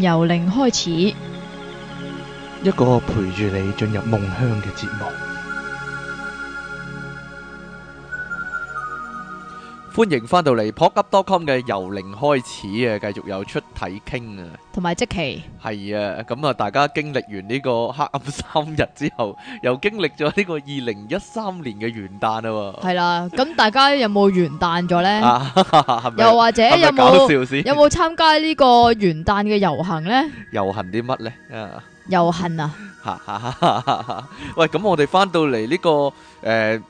由零開始，一個陪住你進入夢鄉嘅節目。歡迎翻到嚟 pocket.com 嘅由零開始啊，繼續又出體傾啊，同埋即期，係啊，咁啊，大家經歷完呢個黑暗三日之後，又經歷咗呢個二零一三年嘅元旦啊，係啦，咁大家有冇元旦咗咧？又或者有冇有冇參加呢個元旦嘅遊行咧？遊行啲乜咧？遊行啊！喂，咁我哋翻到嚟呢個誒。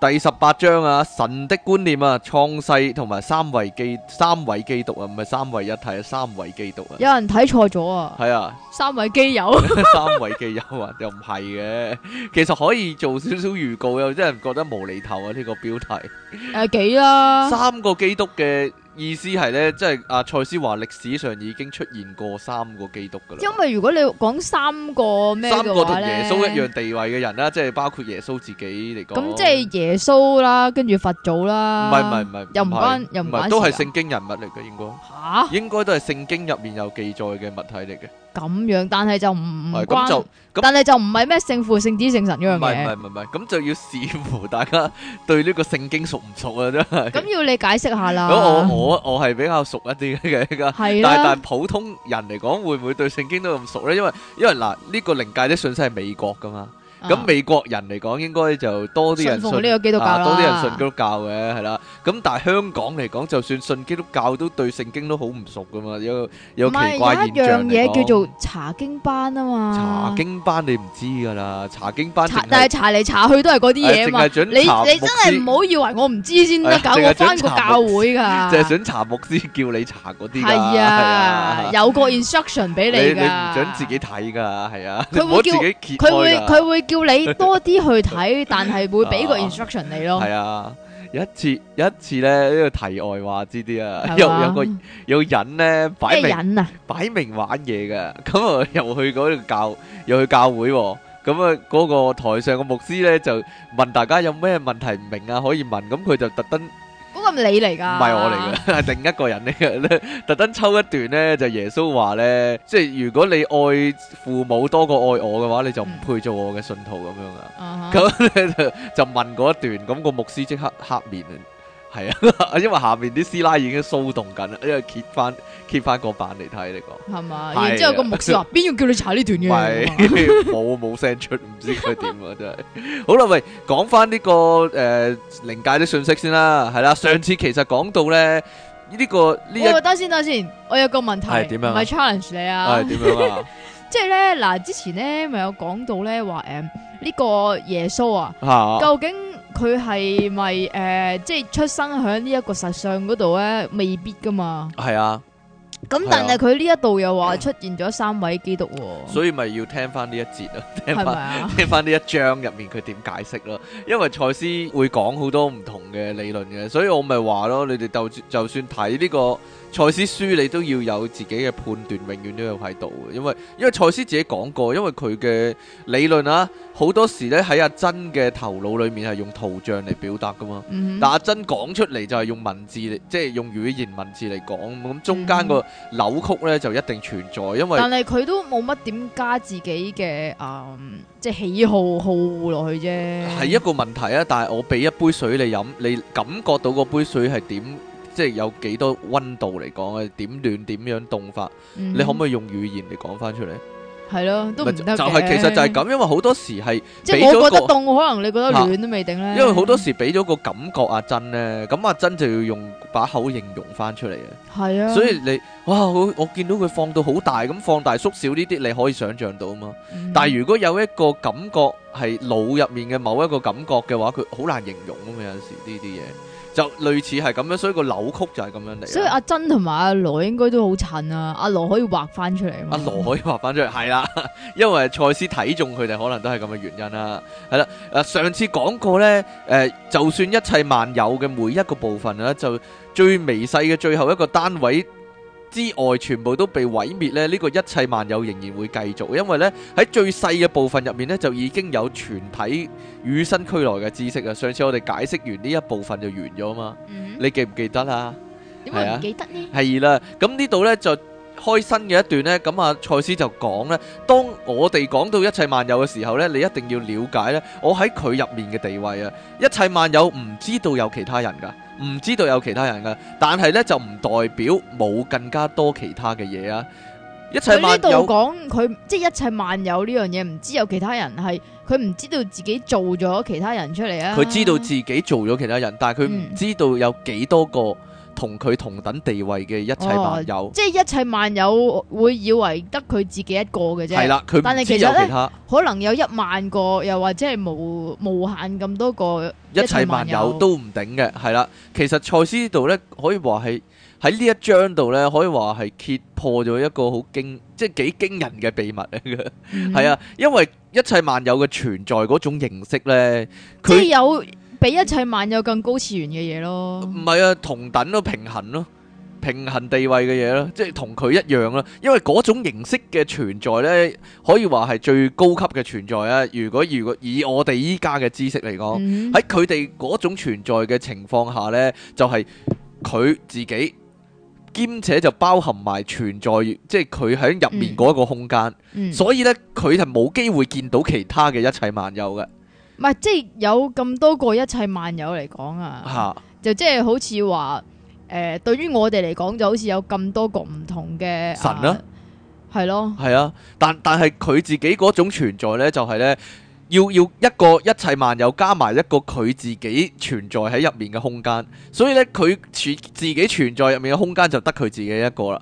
第十八章啊，神的觀念啊，創世同埋三位基三位基督啊，唔係三位一體啊，三位基督啊，有人睇錯咗啊，係啊，三位基友，啊， 三位基友啊，又唔係嘅，其實可以做少少預告，又真係覺得無厘頭啊呢，這個標題，誒、呃、幾啦，三個基督嘅。意思係咧，即係阿賽斯話歷史上已經出現過三個基督噶啦。因為如果你講三個咩三個同耶穌一樣地位嘅人啦，即係包括耶穌自己嚟講。咁即係耶穌啦，跟住佛祖啦。唔係唔係唔係，又唔關是又唔係是都係聖經人物嚟嘅應該。吓、啊，應該都係聖經入面有記載嘅物體嚟嘅。咁樣，但係就唔唔關，嗯、但係就唔係咩聖父聖子聖神一樣、聖子、聖神嗰樣嘢，唔係唔係唔係，咁就要視乎大家對呢個聖經熟唔熟啊！真係，咁要你解釋下啦。咁我我我係比較熟一啲嘅， 但是、啊、但，但普通人嚟講，會唔會對聖經都咁熟咧？因為因為嗱，呢、呃呢個靈界啲信息係美國噶嘛。咁美國人嚟講應該就多啲人信呢個基督教，多啲人信基督教嘅係啦。咁但係香港嚟講，就算信基督教都對聖經都好唔熟噶嘛。有有奇怪現象嚟講，咪一樣嘢叫做查經班啊嘛。查經班你唔知㗎啦，查經班查，但係查嚟查去都係嗰啲嘢喎。你你真係唔好以為我唔知先得，搞我返個教會㗎。就係想查牧師叫你查嗰啲㗎。係啊，有個 instruction 俾你㗎。你你唔準自己睇㗎，係啊。佢會叫佢會佢會。叫你多啲去睇，但係會俾個 instruction 你咯。係啊，有一次，有一次咧呢個題外話之啲啊，有有個有人咧擺明，擺明玩嘢噶，咁啊又去嗰度教，又去教會，咁啊嗰個台上個牧師咧就問大家有咩問題唔明啊可以問，咁佢就特登。咁你嚟噶？唔係我嚟噶，係 另一個人嚟噶。特 登抽一段咧，就是，耶穌話咧，即係如果你愛父母多過愛我嘅話，你就唔配做我嘅信徒咁樣啊。咁咧就就問過一段，咁個牧師即刻黑面。係啊，因為下邊啲師奶已經騷動緊啦，因為揭翻揭翻個版嚟睇呢個。係嘛，然之後個牧師話：邊個叫你查呢段嘢？冇冇聲出，唔知佢點啊！真係。好啦，喂，講翻呢個誒靈界啲訊息先啦。係啦，上次其實講到咧呢個呢一，等先等先，我有個問題係點啊？唔係 challenge 你啊？係點樣啊？即係咧嗱，之前咧咪有講到咧話誒呢個耶穌啊，究竟？佢係咪誒，即係出生喺呢一個實相嗰度咧？未必噶嘛。係啊。咁但係佢呢一度又話出現咗三位基督，哦， 所以咪要聽翻呢一節咯， 聽翻聽翻呢一章入面佢點解釋咯。因為賽斯會講好多唔同嘅理論嘅，所以我咪話咯，你哋就就算睇呢、這個。賽斯書你都要有自己嘅判斷，永遠都有喺度嘅，因為因為賽斯自己講過，因為佢嘅理論啊，好多時咧喺阿珍嘅頭腦裏面係用圖像嚟表達噶嘛，嗯、哼但阿珍講出嚟就係用文字，嚟，即係用語言文字嚟講，咁中間個扭曲咧就一定存在，因為但係佢都冇乜點加自己嘅誒、嗯，即係喜好好落去啫，係一個問題啊！但係我俾一杯水你飲，你感覺到嗰杯水係點？即係有幾多溫度嚟講嘅？點暖點樣凍法？Mm hmm. 你可唔可以用語言嚟講翻出嚟？係咯，都唔得，就係、是、其實就係咁，因為好多時係即係是 我覺得凍，可能你覺得暖、啊、都未定咧。因為好多時俾咗個感覺阿珍咧，咁阿珍就要用把口形容翻出嚟嘅。係啊的，所以你哇，我我見到佢放到好大咁放大縮小呢啲，你可以想象到啊嘛。Mm hmm. 但係如果有一個感覺係腦入面嘅某一個感覺嘅話，佢好難形容啊嘛。有時呢啲嘢。就類似係咁樣，所以個扭曲就係咁樣嚟。所以阿珍同埋阿羅應該都好襯啊！阿羅可以畫翻出嚟嘛？阿羅可以畫翻出嚟，係啦、啊，因為賽斯睇中佢哋，可能都係咁嘅原因啦、啊。係啦、啊，誒上次講過咧，誒、呃、就算一切萬有嘅每一個部分咧、啊，就最微細嘅最後一個單位。之外，全部都被毀滅咧。呢、這個一切萬有仍然會繼續，因為呢喺最細嘅部分入面呢，就已經有全體與生俱來嘅知識啊！上次我哋解釋完呢一部分就完咗啊嘛，嗯、你記唔記得啊？點解、啊、唔記得咧？係啦，咁呢度呢就。開新嘅一段呢，咁啊，賽斯就講呢，當我哋講到一切萬有嘅時候呢，你一定要瞭解呢，我喺佢入面嘅地位啊。一切萬有唔知道有其他人噶，唔知道有其他人噶，但係呢就唔代表冇更加多其他嘅嘢啊。一切萬有講佢即係一切萬有呢樣嘢，唔知有其他人係佢唔知道自己做咗其他人出嚟啊。佢知道自己做咗其他人，但係佢唔知道有幾多個。同佢同等地位嘅一切萬有，即係一切萬有會以為得佢自己一個嘅啫。係啦，佢唔知有其他，可能有一萬個，又或者係無無限咁多個一切萬有都唔頂嘅。係啦，其實賽斯呢度咧，可以話係喺呢一章度咧，可以話係揭破咗一個好驚，即係幾驚人嘅秘密嚟嘅。係啊，因為一切萬有嘅存在嗰種形式咧，即係有。比一切萬有更高次元嘅嘢咯，唔係啊，同等咯、啊，平衡咯、啊，平衡地位嘅嘢啦，即係同佢一樣啦、啊。因為嗰種形式嘅存在呢，可以話係最高級嘅存在啊。如果如果以我哋依家嘅知識嚟講，喺佢哋嗰種存在嘅情況下呢，就係、是、佢自己兼且就包含埋存在，即係佢喺入面嗰個空間。嗯、所以呢，佢就冇機會見到其他嘅一切萬有嘅。唔係，即係有咁多個一切萬有嚟講啊，啊就即係好似話，誒、呃，對於我哋嚟講就好似有咁多個唔同嘅，啊、神啦、啊啊，係咯，係啊，但但係佢自己嗰種存在呢，就係、是、呢，要要一個一切萬有加埋一個佢自己存在喺入面嘅空間，所以呢，佢存自己存在入面嘅空間就得佢自己一個啦。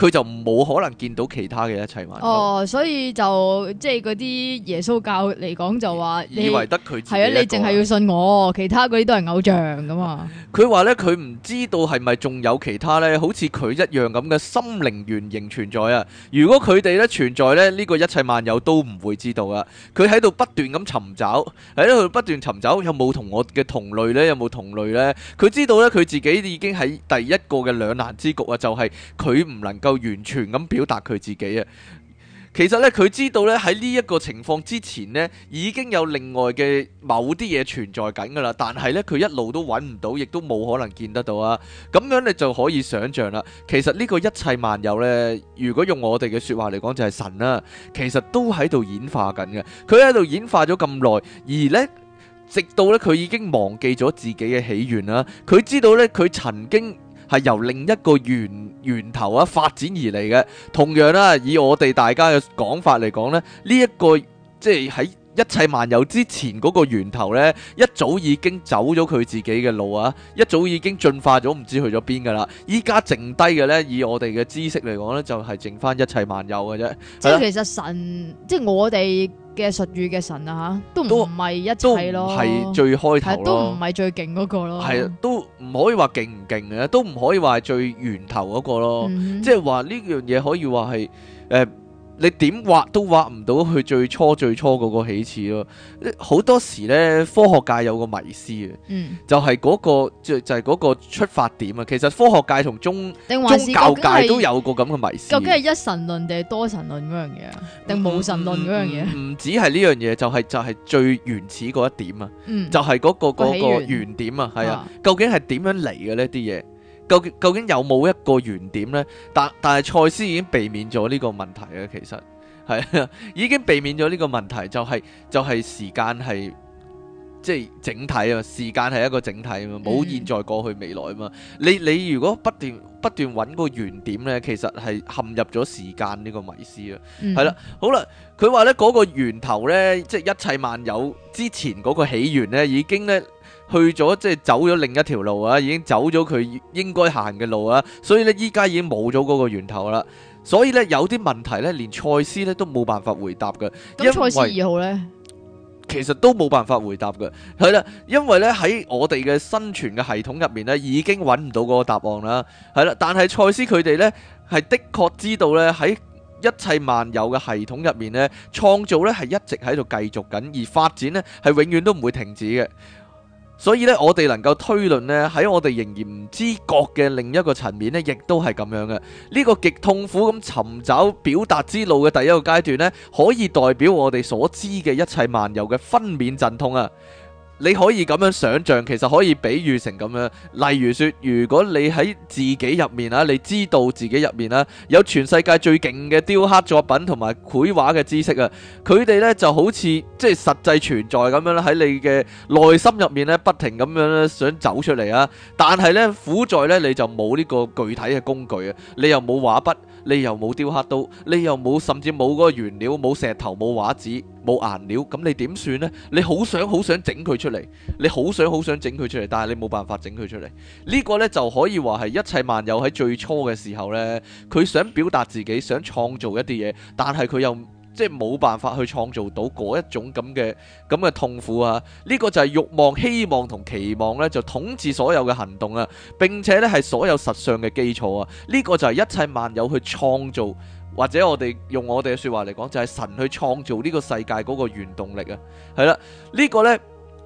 佢就冇可能見到其他嘅一切萬有。哦，所以就即係嗰啲耶穌教嚟講就話，以為得佢係啊，你淨係要信我，其他嗰啲都係偶像噶嘛。佢話咧，佢唔知道係咪仲有其他咧，好似佢一樣咁嘅心靈原型存在啊。如果佢哋咧存在咧，呢個一切萬有都唔會知道啊。佢喺度不斷咁尋找，喺度不斷尋找，有冇同我嘅同類咧？有冇同類咧？佢知道咧，佢自己已經喺第一個嘅兩難之局啊，就係佢唔能夠。就完全咁表達佢自己啊！其實呢，佢知道呢，喺呢一個情況之前呢，已經有另外嘅某啲嘢存在緊噶啦。但係呢，佢一路都揾唔到，亦都冇可能見得到啊！咁樣你就可以想象啦。其實呢個一切萬有呢，如果用我哋嘅說話嚟講，就係神啦、啊。其實都喺度演化緊嘅。佢喺度演化咗咁耐，而呢，直到呢，佢已經忘記咗自己嘅起源啦、啊。佢知道呢，佢曾經。係由另一個源源頭啊發展而嚟嘅，同樣啦、啊，以我哋大家嘅講法嚟講咧，呢、這、一個即係喺一切萬有之前嗰個源頭呢，一早已經走咗佢自己嘅路啊，一早已經進化咗，唔知去咗邊噶啦，依家剩低嘅呢，以我哋嘅知識嚟講呢就係、是、剩翻一切萬有嘅啫。即係其實神，即係我哋。嘅術語嘅神啊，吓都唔係一切咯，係最開頭都唔係最勁嗰個咯，係都唔可以話勁唔勁嘅，都唔可以話係最源頭嗰個咯，即係話呢樣嘢可以話係誒。呃你點畫都畫唔到佢最初最初嗰個起始咯。好多時咧，科學界有個迷思嘅、嗯那個，就係嗰個就就係嗰個出發點啊。其實科學界同宗是宗教界都有個咁嘅迷思。究竟係一神論定係多神論嗰樣嘢？定冇、嗯、神論嗰樣嘢？唔、嗯嗯、止係呢樣嘢，就係、是、就係、是、最原始嗰一點啊，嗯、就係嗰、那個嗰個原點啊，係啊、嗯，究竟係點樣嚟嘅呢啲嘢？究竟究竟有冇一個原點呢？但但係賽斯已經避免咗呢個問題啊！其實係啊，已經避免咗呢個問題，就係就係時間係即係整體啊！時間係一個整體啊！冇現在、過去、未來啊嘛！你你如果不斷不斷揾個原點呢，其實係陷入咗時間呢個迷思啊！係啦，好啦，佢話呢嗰個源頭呢，即係一切萬有之前嗰個起源呢，已經呢。去咗即係走咗另一條路啊，已經走咗佢應該行嘅路啊，所以呢，依家已經冇咗嗰個源頭啦。所以呢，有啲問題呢，連賽斯呢都冇辦法回答嘅。因為賽斯二號呢，其實都冇辦法回答嘅。係啦，因為呢，喺我哋嘅生存嘅系統入面呢，已經揾唔到嗰個答案啦。係啦，但係賽斯佢哋呢，係的確知道呢，喺一切萬有嘅系統入面呢，創造呢係一直喺度繼續緊，而發展呢，係永遠都唔會停止嘅。所以呢，我哋能夠推論呢，喺我哋仍然唔知覺嘅另一個層面呢，亦都係咁樣嘅。呢個極痛苦咁尋找表達之路嘅第一個階段呢，可以代表我哋所知嘅一切漫遊嘅分娩陣痛啊！你可以咁樣想象，其實可以比喻成咁樣，例如說，如果你喺自己入面啦，你知道自己入面啦，有全世界最勁嘅雕刻作品同埋繪畫嘅知識啊，佢哋呢就好似即係實際存在咁樣喺你嘅內心入面咧，不停咁樣咧想走出嚟啊，但係呢，苦在呢，你就冇呢個具體嘅工具啊，你又冇畫筆。你又冇雕刻刀，你又冇甚至冇嗰個原料，冇石頭，冇畫紙，冇顏料，咁你點算咧？你好想好想整佢出嚟，你好想好想整佢出嚟，但係你冇辦法整佢出嚟。呢、呢個呢就可以話係一切萬有喺最初嘅時候呢，佢想表達自己，想創造一啲嘢，但係佢又。即係冇辦法去創造到嗰一種咁嘅咁嘅痛苦啊！呢個就係欲望、希望同期望呢，就統治所有嘅行動啊！並且呢係所有實相嘅基礎啊！呢個就係一切萬有去創造，或者我哋用我哋嘅説話嚟講，就係神去創造呢個世界嗰個原動力啊！係啦，呢個呢。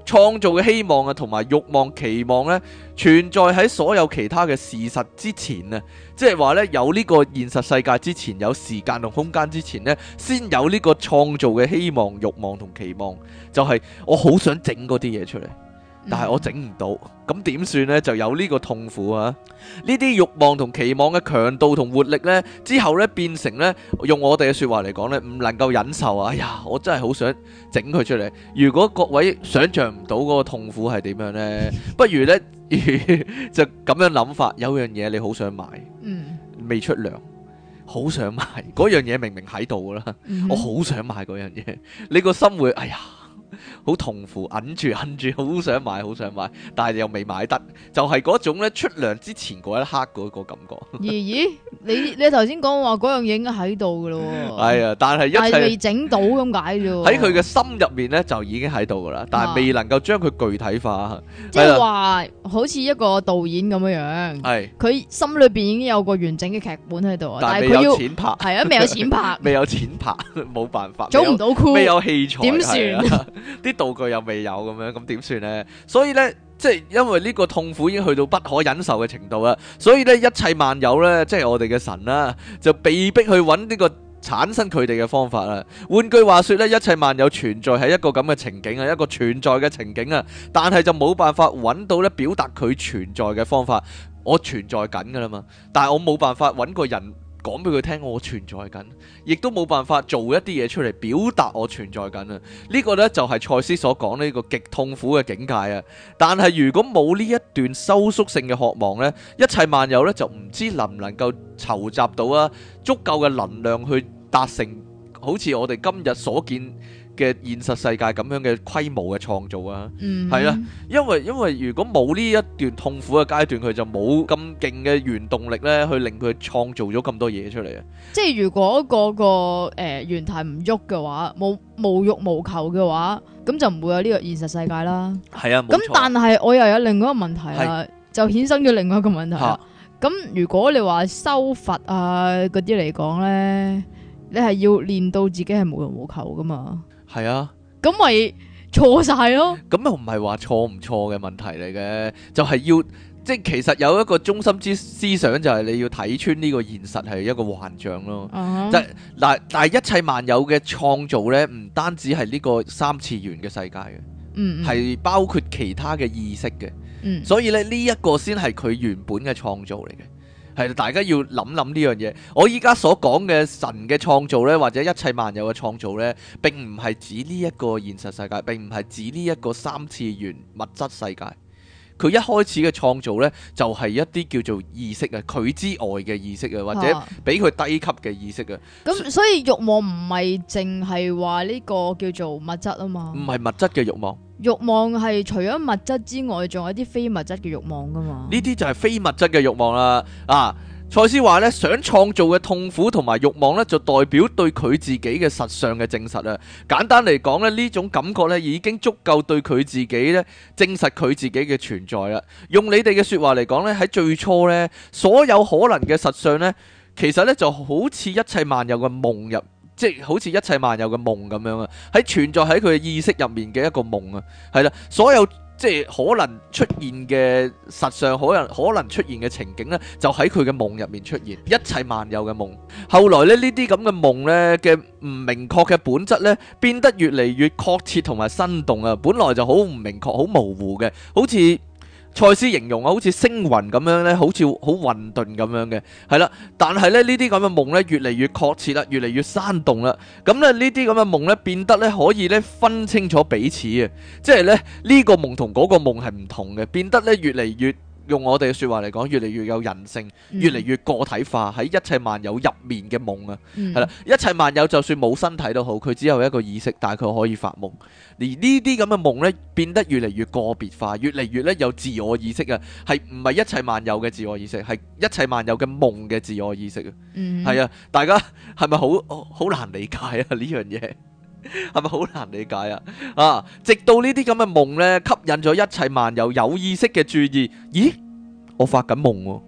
創造嘅希望啊，同埋欲望、期望咧，存在喺所有其他嘅事實之前啊，即係話咧，有呢個現實世界之前，有時間同空間之前咧，先有呢個創造嘅希望、欲望同期望，就係我好想整嗰啲嘢出嚟。但係我整唔到，咁點算呢？就有呢個痛苦啊！呢啲欲望同期望嘅強度同活力呢，之後呢，變成呢，用我哋嘅說話嚟講呢，唔能夠忍受啊！哎呀，我真係好想整佢出嚟。如果各位想象唔到嗰個痛苦係點樣呢？不如呢， 就咁樣諗法。有樣嘢你好想買，未出糧，好想買嗰樣嘢，明明喺度啦，我好想買嗰樣嘢，你個心會，哎呀！好痛苦，忍住，忍住，好想買，好想買，但係又未買得，就係嗰種咧出糧之前嗰一刻嗰個感覺。咦咦，你你頭先講話嗰樣嘢應該喺度噶咯？係啊，但係一但係未整到咁解啫。喺佢嘅心入面咧就已經喺度噶啦，但係未能夠將佢具體化，即係話好似一個導演咁樣樣。係，佢心裏邊已經有個完整嘅劇本喺度啊，但係佢要錢拍，係啊，未有錢拍，未有錢拍，冇辦法，做唔到鋪，未有器材，點算啲道具又未有咁樣，咁點算呢？所以呢，即係因為呢個痛苦已經去到不可忍受嘅程度啦，所以呢，一切萬有呢，即係我哋嘅神啦，就被逼去揾呢個產生佢哋嘅方法啦。換句話說呢，一切萬有存在係一個咁嘅情景啊，一個存在嘅情景啊，但係就冇辦法揾到呢表達佢存在嘅方法。我存在緊噶啦嘛，但係我冇辦法揾個人。講俾佢聽，我存在緊，亦都冇辦法做一啲嘢出嚟表達我存在緊啊！呢、這個呢，就係賽斯所講呢個極痛苦嘅境界啊！但係如果冇呢一段收縮性嘅渴望咧，一切萬有呢，就唔知能唔能夠籌集到啊足夠嘅能量去達成，好似我哋今日所見嘅現實世界咁樣嘅規模嘅創造啊，係啊，因為因為如果冇呢一段痛苦嘅階段，佢就冇咁勁嘅原動力咧，去令佢創造咗咁多嘢出嚟啊。即係如果嗰個誒原體唔喐嘅話，冇無欲無求嘅話，咁就唔會有呢個現實世界啦。係啊，咁但係我又有另外一個問題啦，就衍生咗另外一個問題啦。咁如果你話修佛啊嗰啲嚟講咧，你係要練到自己係無欲無求噶嘛？係啊，咁咪錯晒咯。咁又唔係話錯唔錯嘅問題嚟嘅，就係、是、要即係其實有一個中心之思想就係你要睇穿呢個現實係一個幻象咯。即係嗱，但係一切萬有嘅創造咧，唔單止係呢個三次元嘅世界嘅，嗯、uh，係、huh。包括其他嘅意識嘅，uh huh。所以咧呢一個先係佢原本嘅創造嚟嘅。係大家要諗諗呢樣嘢。我依家所講嘅神嘅創造呢，或者一切萬有嘅創造呢，並唔係指呢一個現實世界，並唔係指呢一個三次元物質世界。佢一開始嘅創造呢，就係一啲叫做意識啊，佢之外嘅意識啊，或者比佢低級嘅意識啊。咁所以欲望唔係淨係話呢個叫做物質啊嘛，唔係物質嘅欲望。欲望係除咗物質之外，仲有一啲非物質嘅欲望噶嘛。呢啲就係非物質嘅欲望啦啊！賽斯話咧，想創造嘅痛苦同埋慾望咧，就代表對佢自己嘅實相嘅證實啊！簡單嚟講咧，呢種感覺咧已經足夠對佢自己咧證實佢自己嘅存在啦。用你哋嘅説話嚟講咧，喺最初咧，所有可能嘅實相咧，其實咧就好似一切萬有嘅夢入，即係好似一切萬有嘅夢咁樣啊！喺存在喺佢嘅意識入面嘅一個夢啊，係啦，所有。即係可能出現嘅實相，可能可能出現嘅情景呢，就喺佢嘅夢入面出現，一切萬有嘅夢。後來呢，呢啲咁嘅夢呢嘅唔明確嘅本質呢，變得越嚟越確切同埋生動啊！本來就好唔明確、好模糊嘅，好似。賽斯形容啊，好似星雲咁樣咧，好似好混沌咁樣嘅，係啦。但係咧，呢啲咁嘅夢咧，越嚟越確切啦，越嚟越生動啦。咁咧，呢啲咁嘅夢咧，變得咧可以咧分清楚彼此啊，即係咧，呢個夢同嗰個夢係唔同嘅，變得咧越嚟越。用我哋嘅說話嚟講，越嚟越有人性，越嚟越個體化喺一切萬有入面嘅夢啊，係啦、嗯，一切萬有就算冇身體都好，佢只有一個意識，但係佢可以發夢，而呢啲咁嘅夢呢，變得越嚟越個別化，越嚟越呢有自我意識啊，係唔係一切萬有嘅自我意識，係一切萬有嘅夢嘅自我意識啊，係啊、嗯，大家係咪好好難理解啊呢樣嘢？係咪好難理解啊？啊，直到這這呢啲咁嘅夢咧，吸引咗一切萬有有，有意識嘅注意。咦，我發緊夢喎，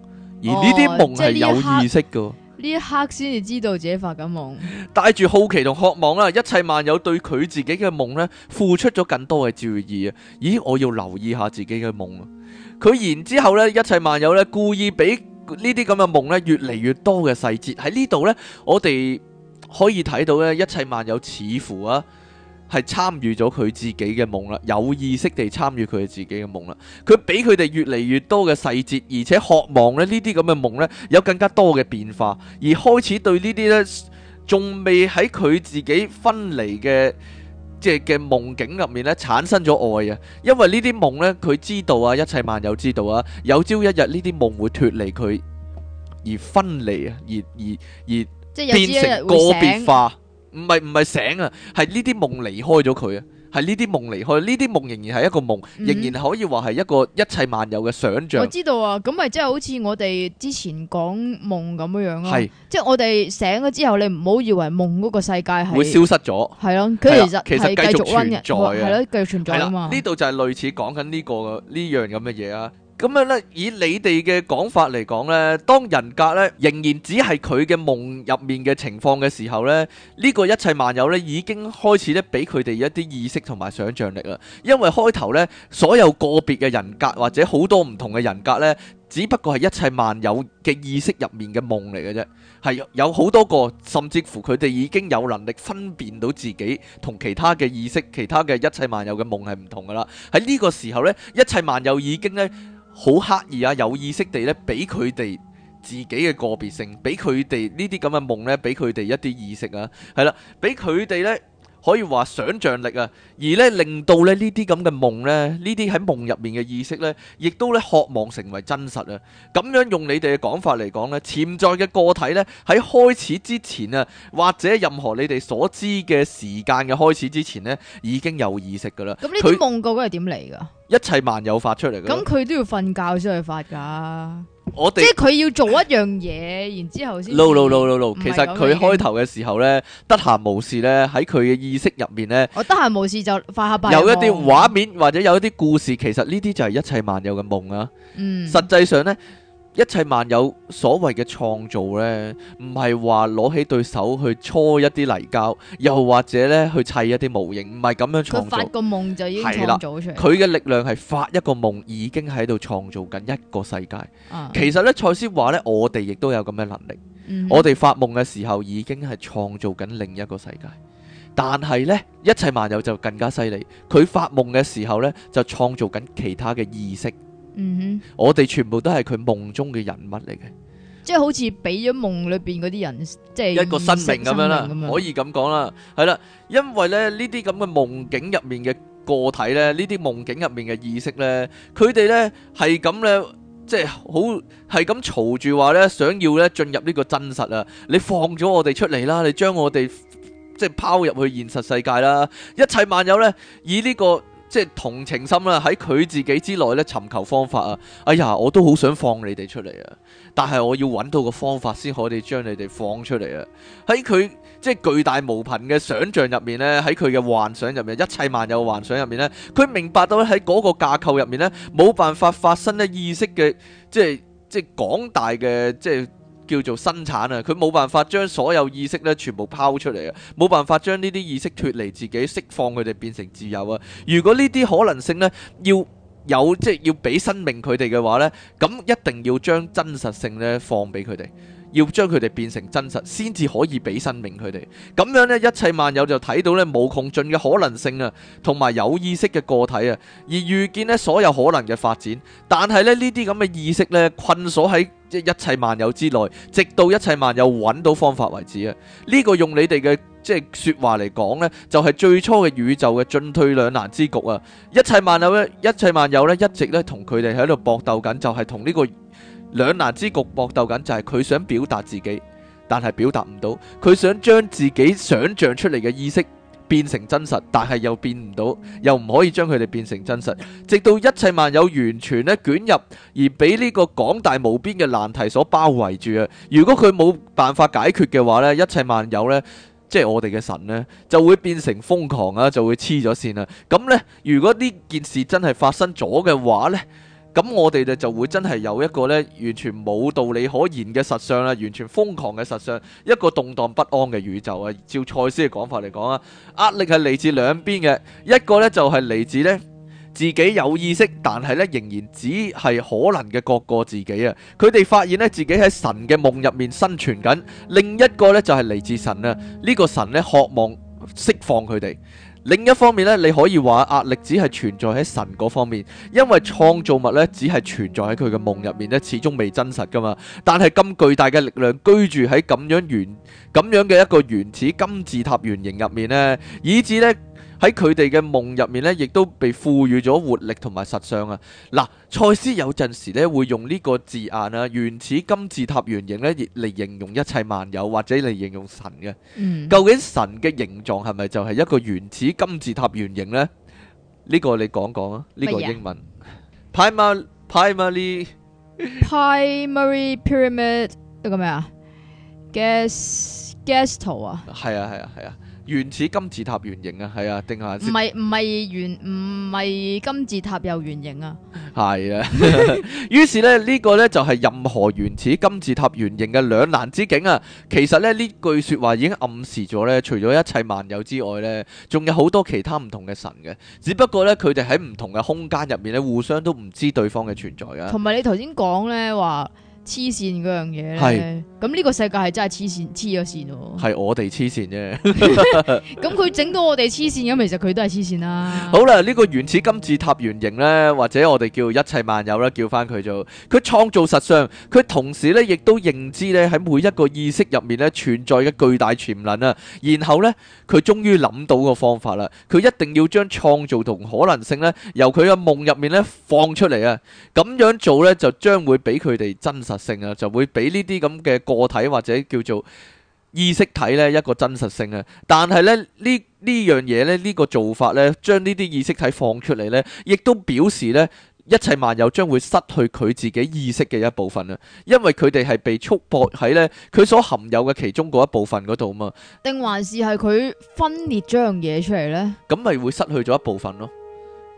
而呢啲夢係有意識嘅。呢、哦就是、一刻先至知道自己發緊夢。帶住好奇同渴望啦，一切萬有對佢自己嘅夢咧，付出咗更多嘅注意啊。咦，我要留意下自己嘅夢、啊。佢然之後咧，一切萬有咧，故意俾呢啲咁嘅夢咧，越嚟越多嘅細節喺呢度呢，我哋。可以睇到咧，一切萬有似乎啊，係參與咗佢自己嘅夢啦，有意識地參與佢自己嘅夢啦。佢俾佢哋越嚟越多嘅細節，而且渴望咧，呢啲咁嘅夢咧有更加多嘅變化，而開始對呢啲咧，仲未喺佢自己分離嘅即係嘅夢境入面咧產生咗愛啊。因為呢啲夢咧，佢知道啊，一切萬有知道啊，有朝一日呢啲夢會脫離佢而分離啊，而而而。而即係變成個別化，唔係唔係醒啊，係呢啲夢離開咗佢啊，係呢啲夢離開，呢啲夢仍然係一個夢，仍然可以話係一個一切萬有嘅想象、嗯，我知道啊，咁咪即係好似我哋之前講夢咁樣樣、啊、咯，係是，即係我哋醒咗之後，你唔好以為夢嗰個世界係會消失咗，係咯、啊，佢其實其實繼續存在，係咯、啊，繼續存在呢度、啊、就係類似講緊呢個呢、這個、樣咁嘅嘢啊。咁樣咧，以你哋嘅講法嚟講呢，當人格咧仍然只係佢嘅夢入面嘅情況嘅時候咧，呢，呢個一切萬有咧已經開始咧俾佢哋一啲意識同埋想像力啦，因為開頭呢，所有個別嘅人格或者好多唔同嘅人格呢。只不過係一切萬有嘅意識入面嘅夢嚟嘅啫，係有好多個，甚至乎佢哋已經有能力分辨到自己同其他嘅意識、其他嘅一切萬有嘅夢係唔同㗎喇。喺呢個時候呢，一切萬有已經呢，好刻意啊，有意識地呢，俾佢哋自己嘅個別性，俾佢哋呢啲咁嘅夢呢，俾佢哋一啲意識啊，係喇，俾佢哋呢。可以話想象力啊，而咧令到咧呢啲咁嘅夢呢，這這夢呢啲喺夢入面嘅意識呢，亦都咧渴望成為真實啊。咁樣用你哋嘅講法嚟講呢，潛在嘅個體呢，喺開始之前啊，或者任何你哋所知嘅時間嘅開始之前呢，已經有意識噶啦。咁呢啲夢究竟係點嚟噶？一切萬有發出嚟嘅，嗯，咁佢都要瞓覺先去發噶。我即係佢要做一樣嘢， 然之後先。No no no no no，其實佢開頭嘅時候呢， 得閒無事呢，喺佢嘅意識入面呢，我得閒無事就發下白。有一啲畫面或者有一啲故事，其實呢啲就係一切萬有嘅夢啊！嗯，實際上呢。一切萬有所謂嘅創造呢，唔係話攞起雙手去搓一啲泥膠，又或者呢去砌一啲模型，唔係咁樣創造。佢發個夢就已經創造出嚟。佢嘅力量係發一個夢，已經喺度創造緊一個世界。啊、其實呢，賽斯話呢，我哋亦都有咁嘅能力。嗯、哼我哋發夢嘅時候，已經係創造緊另一個世界。但係呢，一切萬有就更加犀利。佢發夢嘅時候呢，就創造緊其他嘅意識。嗯哼，我哋全部都係佢夢中嘅人物嚟嘅，即係好似俾咗夢裏邊嗰啲人，即係一個生命咁樣啦，可以咁講啦，係啦，因為咧呢啲咁嘅夢境入面嘅個體咧，呢啲夢境入面嘅意識咧，佢哋咧係咁咧，即係好，係咁嘈住話咧，想要咧進入呢個真實啊！你放咗我哋出嚟啦，你將我哋即係拋入去現實世界啦，一切萬有咧以呢個。即係同情心啦，喺佢自己之內咧尋求方法啊！哎呀，我都好想放你哋出嚟啊！但係我要揾到個方法先可以將你哋放出嚟啊！喺佢即係巨大無憑嘅想象入面呢，喺佢嘅幻想入面，一切萬有幻想入面呢，佢明白到喺嗰個架構入面呢，冇辦法發生咧意識嘅，即係即係廣大嘅，即係。即叫做生產啊，佢冇辦法將所有意識咧全部拋出嚟啊，冇辦法將呢啲意識脫離自己釋放佢哋變成自由啊。如果呢啲可能性呢，要有，即係要俾生命佢哋嘅話呢，咁一定要將真實性呢放俾佢哋。要將佢哋變成真實，先至可以俾生命佢哋。咁樣咧，一切萬有就睇到咧無窮盡嘅可能性啊，同埋有意識嘅個體啊，而預見咧所有可能嘅發展。但係咧呢啲咁嘅意識咧困鎖喺即一切萬有之內，直到一切萬有揾到方法為止啊！呢個用你哋嘅即係說話嚟講咧，就係最初嘅宇宙嘅進退兩難之局啊！一切萬有咧，一切萬有咧一直咧同佢哋喺度搏鬥緊，就係同呢個。兩難之局搏鬥緊，就係佢想表達自己，但係表達唔到。佢想將自己想象出嚟嘅意識變成真實，但係又變唔到，又唔可以將佢哋變成真實。直到一切萬有完全咧捲入而俾呢個廣大無邊嘅難題所包圍住啊！如果佢冇辦法解決嘅話咧，一切萬有呢，即係我哋嘅神呢，就會變成瘋狂啊，就會黐咗線啦。咁呢，如果呢件事真係發生咗嘅話呢。咁我哋咧就會真係有一個咧完全冇道理可言嘅實相啦，完全瘋狂嘅實相，一個動盪不安嘅宇宙啊！照賽斯嘅講法嚟講啊，壓力係嚟自兩邊嘅，一個咧就係嚟自咧自己有意識，但係咧仍然只係可能嘅各個自己啊，佢哋發現咧自己喺神嘅夢入面生存緊，另一個咧就係嚟自神啊，呢個神咧渴望釋放佢哋。另一方面咧，你可以話壓力只係存在喺神嗰方面，因為創造物咧只係存在喺佢嘅夢入面咧，始終未真實㗎嘛。但係咁巨大嘅力量居住喺咁樣原咁樣嘅一個原始金字塔原型入面咧，以致咧，喺佢哋嘅夢入面咧，亦都被賦予咗活力同埋實相啊！嗱，賽斯有陣時咧會用呢個字眼啊，原始金字塔原形咧嚟形容一切萬有，或者嚟形容神嘅。嗯、究竟神嘅形狀係咪就係一個原始金字塔原形咧？呢、呢個你講講啊！呢、呢個英文 primary primary pyramid 叫咩啊 guess guess, guess, guess 圖啊！係啊係啊係啊！原始金字塔原型啊，係啊，定下唔係唔係原唔係金字塔又原型啊？係啊， 於是咧呢個呢，這個、就係任何原始金字塔原型嘅兩難之境啊。其實呢，呢句説話已經暗示咗呢，除咗一切萬有之外呢，仲有好多其他唔同嘅神嘅，只不過呢，佢哋喺唔同嘅空間入面呢，互相都唔知對方嘅存在啊。同埋你頭先講呢話。黐線嗰樣嘢咧，咁呢是個世界係真係黐線黐咗線喎。係我哋黐線啫，咁佢整到我哋黐線咁，其實佢都係黐線啦。 好啦，呢、這個原始金字塔原型呢，或者我哋叫一切萬有啦，叫翻佢做佢創造實相。佢同時呢亦都認知呢喺每一個意識入面呢存在嘅巨大潛能啊。然後呢，佢終於諗到個方法啦。佢一定要將創造同可能性呢，由佢嘅夢入面呢放出嚟啊。咁樣做呢，就將會俾佢哋真實。性啊，就會俾呢啲咁嘅個體，或者叫做意識體呢一個真實性啊。但係咧呢，呢樣嘢呢，呢個做法呢，將呢啲意識體放出嚟呢，亦都表示呢一切萬有將會失去佢自己意識嘅一部分啊。因為佢哋係被束縛喺呢佢所含有嘅其中嗰一部分嗰度啊嘛。定還是係佢分裂咗樣嘢出嚟呢？咁咪會失去咗一部分咯。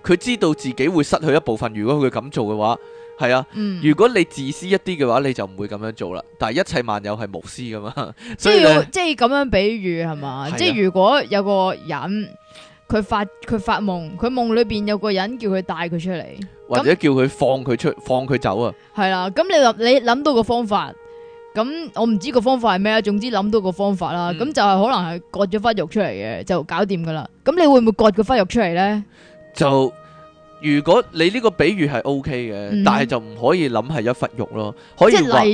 佢知道自己會失去一部分，如果佢咁做嘅話。係啊，嗯、如果你自私一啲嘅話，你就唔會咁樣做啦。但係一切萬有係無私噶嘛，即要所以即係咁樣比喻係嘛，啊、即係如果有個人佢發佢發夢，佢夢裏邊有個人叫佢帶佢出嚟，或者叫佢放佢出、嗯、放佢走啊。係啦，咁你諗你諗到個方法，咁我唔知個方法係咩，啊。總之諗到個方法啦。咁、嗯、就係可能係割咗塊肉出嚟嘅，就搞掂噶啦。咁你會唔會割個塊肉出嚟咧？就如果你呢個比喻係 O K 嘅，但係就唔可以諗係一忽肉咯，可以話可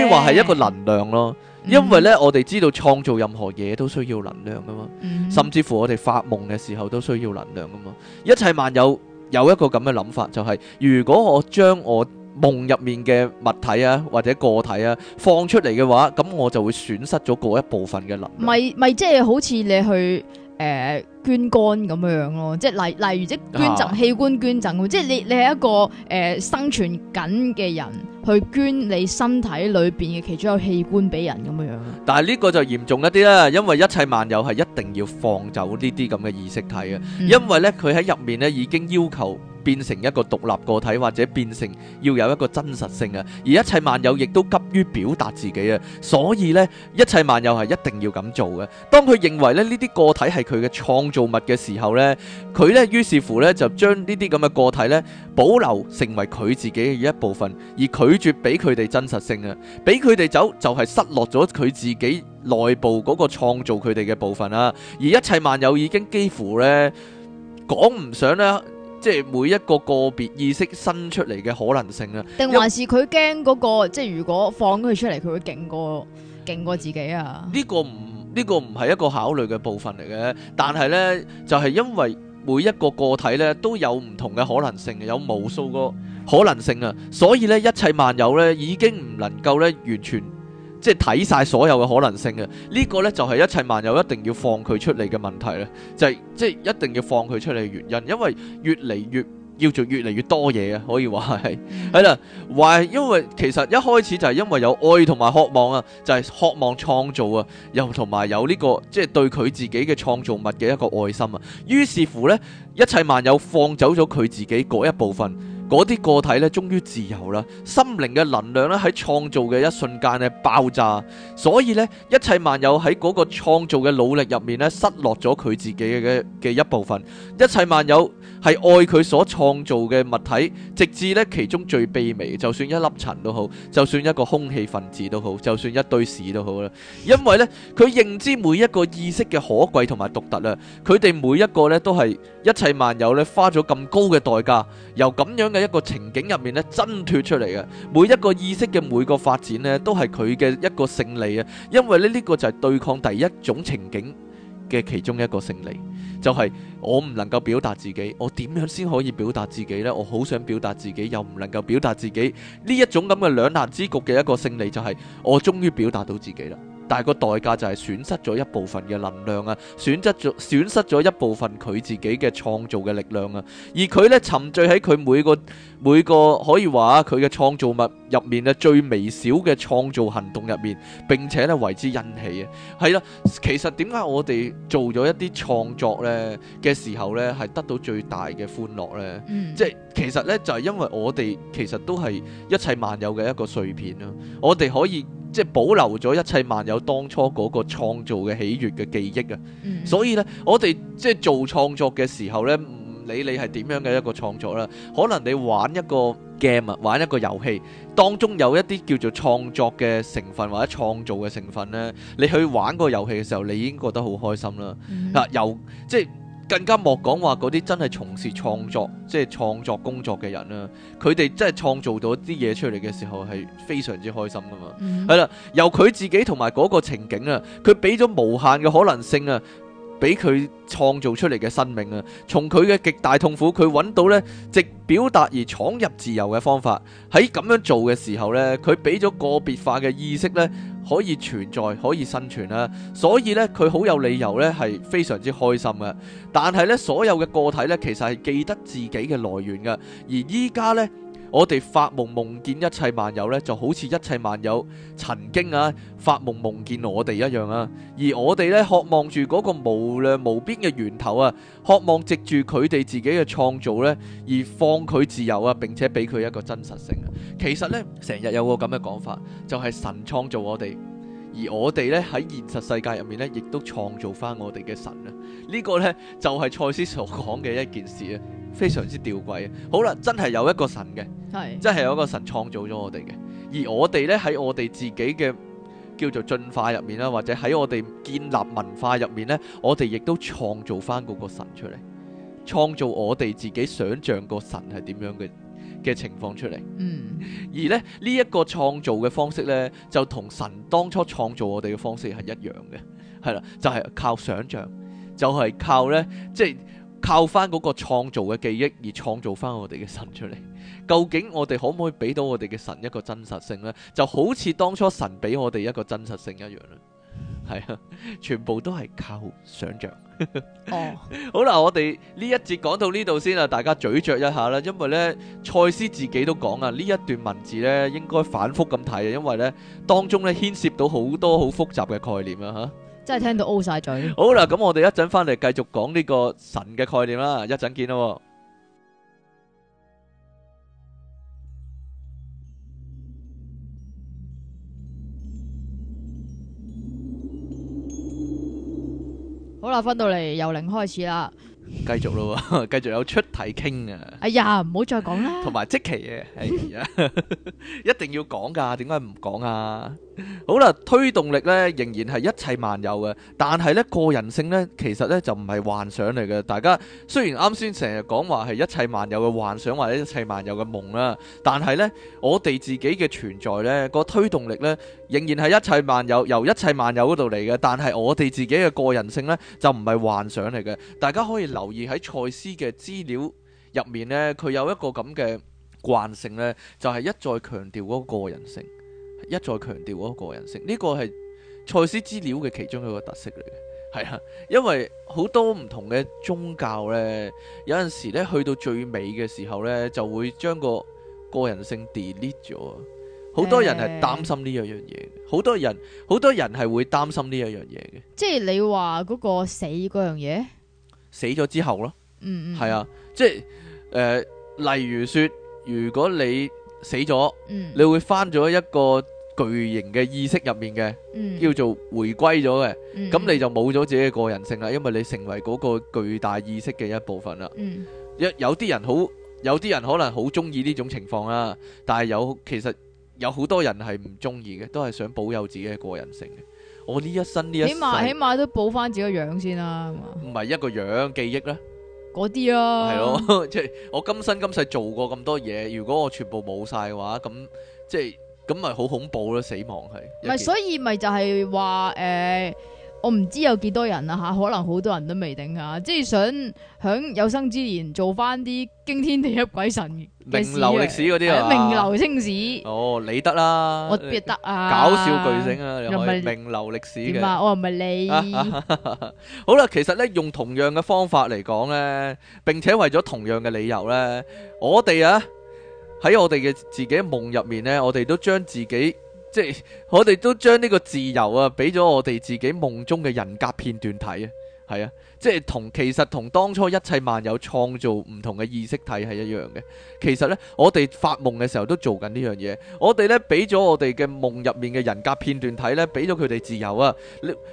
以話係一個能量咯。因為咧，我哋知道創造任何嘢都需要能量噶嘛，甚至乎我哋發夢嘅時候都需要能量噶嘛。一切萬有有一個咁嘅諗法，就係如果我將我夢入面嘅物體啊或者個體啊放出嚟嘅話，咁我就會損失咗嗰一部分嘅能量。咪咪即係好似你去誒。捐肝咁樣樣咯，即係例例如即係捐贈器官捐贈咁，即係你你係一個誒生存緊嘅人，去捐你身體裏邊嘅其中有器官俾人咁樣樣。但係呢個就嚴重一啲啦，因為一切萬有係一定要放走呢啲咁嘅意識體嘅，因為咧佢喺入面咧已經要求變成一個獨立個體或者變成要有一個真實性啊，而一切萬有亦都急於表達自己啊，所以咧一切萬有係一定要咁做嘅。當佢認為咧呢啲個體係佢嘅創。造物嘅時候呢，佢呢於是乎呢，就將呢啲咁嘅個體呢保留成為佢自己嘅一部分，而拒絕俾佢哋真實性啊！俾佢哋走就係、是、失落咗佢自己內部嗰個創造佢哋嘅部分啦。而一切萬有已經幾乎呢講唔上咧，即係每一個個別意識新出嚟嘅可能性啊！定還是佢驚嗰個即係如果放佢出嚟，佢會勁過勁過自己啊？呢個唔。呢個唔係一個考慮嘅部分嚟嘅，但係呢就係因為每一個個體呢都有唔同嘅可能性，有無數個可能性啊，所以呢一切萬有呢已經唔能夠呢完全即係睇晒所有嘅可能性啊！呢個呢就係一切萬有一定要放佢出嚟嘅問題啦，就係即係一定要放佢出嚟嘅原因，因為越嚟越。叫做越嚟越多嘢啊，可以話係係啦，話因為其實一開始就係因為有愛同埋渴望啊，就係渴望創造啊，又同埋有呢個即係對佢自己嘅創造物嘅一個愛心啊。於是乎咧，一切萬有放走咗佢自己嗰一部分，嗰啲個體咧終於自由啦，心靈嘅能量咧喺創造嘅一瞬間咧爆炸，所以咧一切萬有喺嗰個創造嘅努力入面咧失落咗佢自己嘅嘅一部分，一切萬有。係愛佢所創造嘅物體，直至咧其中最卑微，就算一粒塵都好，就算一個空氣分子都好，就算一堆屎都好啦。因為咧，佢認知每一個意識嘅可貴同埋獨特啦，佢哋每一個咧都係一切萬有咧花咗咁高嘅代價，由咁樣嘅一個情景入面咧掙脫出嚟嘅。每一個意識嘅每個發展咧，都係佢嘅一個勝利啊！因為咧呢個就係對抗第一種情景。嘅其中一個勝利，就係我唔能夠表達自己，我點樣先可以表達自己呢？我好想表達自己，又唔能夠表達自己，呢一種咁嘅兩難之局嘅一個勝利，就係我終於表達到自己啦。但係個代價就係損失咗一部分嘅能量啊，損失咗損失咗一部分佢自己嘅創造嘅力量啊，而佢呢，沉醉喺佢每個每個可以話佢嘅創造物入面呢最微小嘅創造行動入面，並且呢為之欣喜啊，係啦，其實點解我哋做咗一啲創作呢嘅時候呢，係得到最大嘅歡樂呢？嗯、即係其實呢，就係、是、因為我哋其實都係一切萬有嘅一個碎片啊。我哋可以。即係保留咗一切萬有當初嗰個創造嘅喜悅嘅記憶啊！嗯、所以呢，我哋即係做創作嘅時候呢，唔理你係點樣嘅一個創作啦，可能你玩一個 game 啊，玩一個遊戲，當中有一啲叫做創作嘅成分或者創造嘅成分呢，你去玩個遊戲嘅時候，你已經覺得好開心啦！嗱、嗯，由即係。更加莫講話嗰啲真係從事創作，即、就、係、是、創作工作嘅人啦、啊，佢哋真係創造到啲嘢出嚟嘅時候係非常之開心㗎嘛，係啦、嗯，由佢自己同埋嗰個情景啊，佢畀咗無限嘅可能性啊。俾佢創造出嚟嘅生命啊！從佢嘅極大痛苦，佢揾到呢藉表達而闖入自由嘅方法。喺咁樣做嘅時候呢，佢俾咗個別化嘅意識呢，可以存在，可以生存啦。所以呢，佢好有理由呢係非常之開心嘅。但係呢，所有嘅個體呢，其實係記得自己嘅來源嘅。而依家呢。我哋發夢夢見一切萬有咧，就好似一切萬有曾經啊發夢夢見我哋一樣啊，而我哋咧渴望住嗰個無量無邊嘅源頭啊，渴望藉住佢哋自己嘅創造咧，而放佢自由啊，並且俾佢一個真實性啊。其實咧，成日有個咁嘅講法，就係、是、神創造我哋。而我哋咧喺現實世界入面咧，亦都創造翻我哋嘅神啊！這個、呢個咧就係賽斯所講嘅一件事啊，非常之吊詭啊！好啦，真係有一個神嘅，係是真係有一個神創造咗我哋嘅。而我哋咧喺我哋自己嘅叫做進化入面啦，或者喺我哋建立文化入面咧，我哋亦都創造翻嗰個神出嚟，創造我哋自己想象個神係點樣嘅。嘅情況出嚟，嗯，而咧呢一個創造嘅方式呢，就同神當初創造我哋嘅方式係一樣嘅，係啦，就係靠想象，就係靠呢，即係靠翻嗰個創造嘅記憶而創造翻我哋嘅神出嚟。究竟我哋可唔可以俾到我哋嘅神一個真實性呢？就好似當初神俾我哋一個真實性一樣啦，係啊，全部都係靠想象。哦， oh. 好啦，我哋呢一節講到呢度先啊，大家咀嚼一下啦，因為呢，賽斯自己都講啊，呢一段文字呢應該反覆咁睇啊，因為呢當中呢牽涉到好多好複雜嘅概念啦，吓、啊，真係聽到 O 晒嘴。好啦，咁我哋一陣翻嚟繼續講呢個神嘅概念啦，一陣見咯。好啦，翻到嚟由零開始啦，繼續咯，繼續有出體傾啊！哎呀，唔好再講啦，同埋即期嘅，哎呀， 一定要講噶，點解唔講啊？好啦，推動力咧仍然係一切萬有嘅，但係咧個人性咧其實咧就唔係幻想嚟嘅。大家雖然啱先成日講話係一切萬有嘅幻想或者一切萬有嘅夢啦，但係咧我哋自己嘅存在咧個推動力咧仍然係一切萬有由一切萬有嗰度嚟嘅，但係我哋自己嘅個人性咧就唔係幻想嚟嘅。大家可以留意喺賽斯嘅資料入面呢，佢有一個咁嘅慣性咧，就係一再強調嗰個個人性。一再強調嗰個個人性，呢個係賽斯資料嘅其中一個特色嚟嘅，係啊，因為好多唔同嘅宗教咧，有陣時咧去到最尾嘅時候咧，就會將個個人性 delete 咗。好多人係擔心呢一樣嘢，好、欸、多人，好多人係會擔心呢一樣嘢嘅。即係你話嗰個死嗰樣嘢，死咗之後咯，嗯，係啊，即係誒、呃，例如說，如果你死咗，嗯、你會翻咗一個巨型嘅意識入面嘅，叫、嗯、做回歸咗嘅，咁、嗯、你就冇咗自己嘅個人性啦，因為你成為嗰個巨大意識嘅一部分啦。一、嗯、有啲人好，有啲人，人可能好中意呢種情況啦、啊，但係有其實有好多人係唔中意嘅，都係想保有自己嘅個人性嘅。我呢一生呢，起碼起碼都保翻自己個樣先啦。唔係一個樣記憶啦。嗰啲啊，係咯，即係我今生今世做過咁多嘢，如果我全部冇晒嘅話，咁即係咁咪好恐怖咯、啊！死亡係，唔係所以咪就係話誒。呃我唔知有幾多人啦，啊、吓，可能好多人都未定吓，啊，即係想響有生之年做翻啲驚天地泣鬼神名流歷史嗰啲啊，名流青史，啊、流史哦，你得啦，我邊得啊，搞笑巨星啊，又咪名流歷史嘅，我唔係你。 好啦，其實咧用同樣嘅方法嚟講咧，並且為咗同樣嘅理由咧，我哋啊喺我哋嘅自己夢入面咧，我哋都將自己。即係我哋都將呢個自由啊，俾咗我哋自己夢中嘅人格片段睇啊！係啊，即係同其實同當初一切萬有創造唔同嘅意識體係一樣嘅。其實呢，我哋發夢嘅時候都做緊呢樣嘢。我哋呢，俾咗我哋嘅夢入面嘅人格片段體呢，俾咗佢哋自由啊。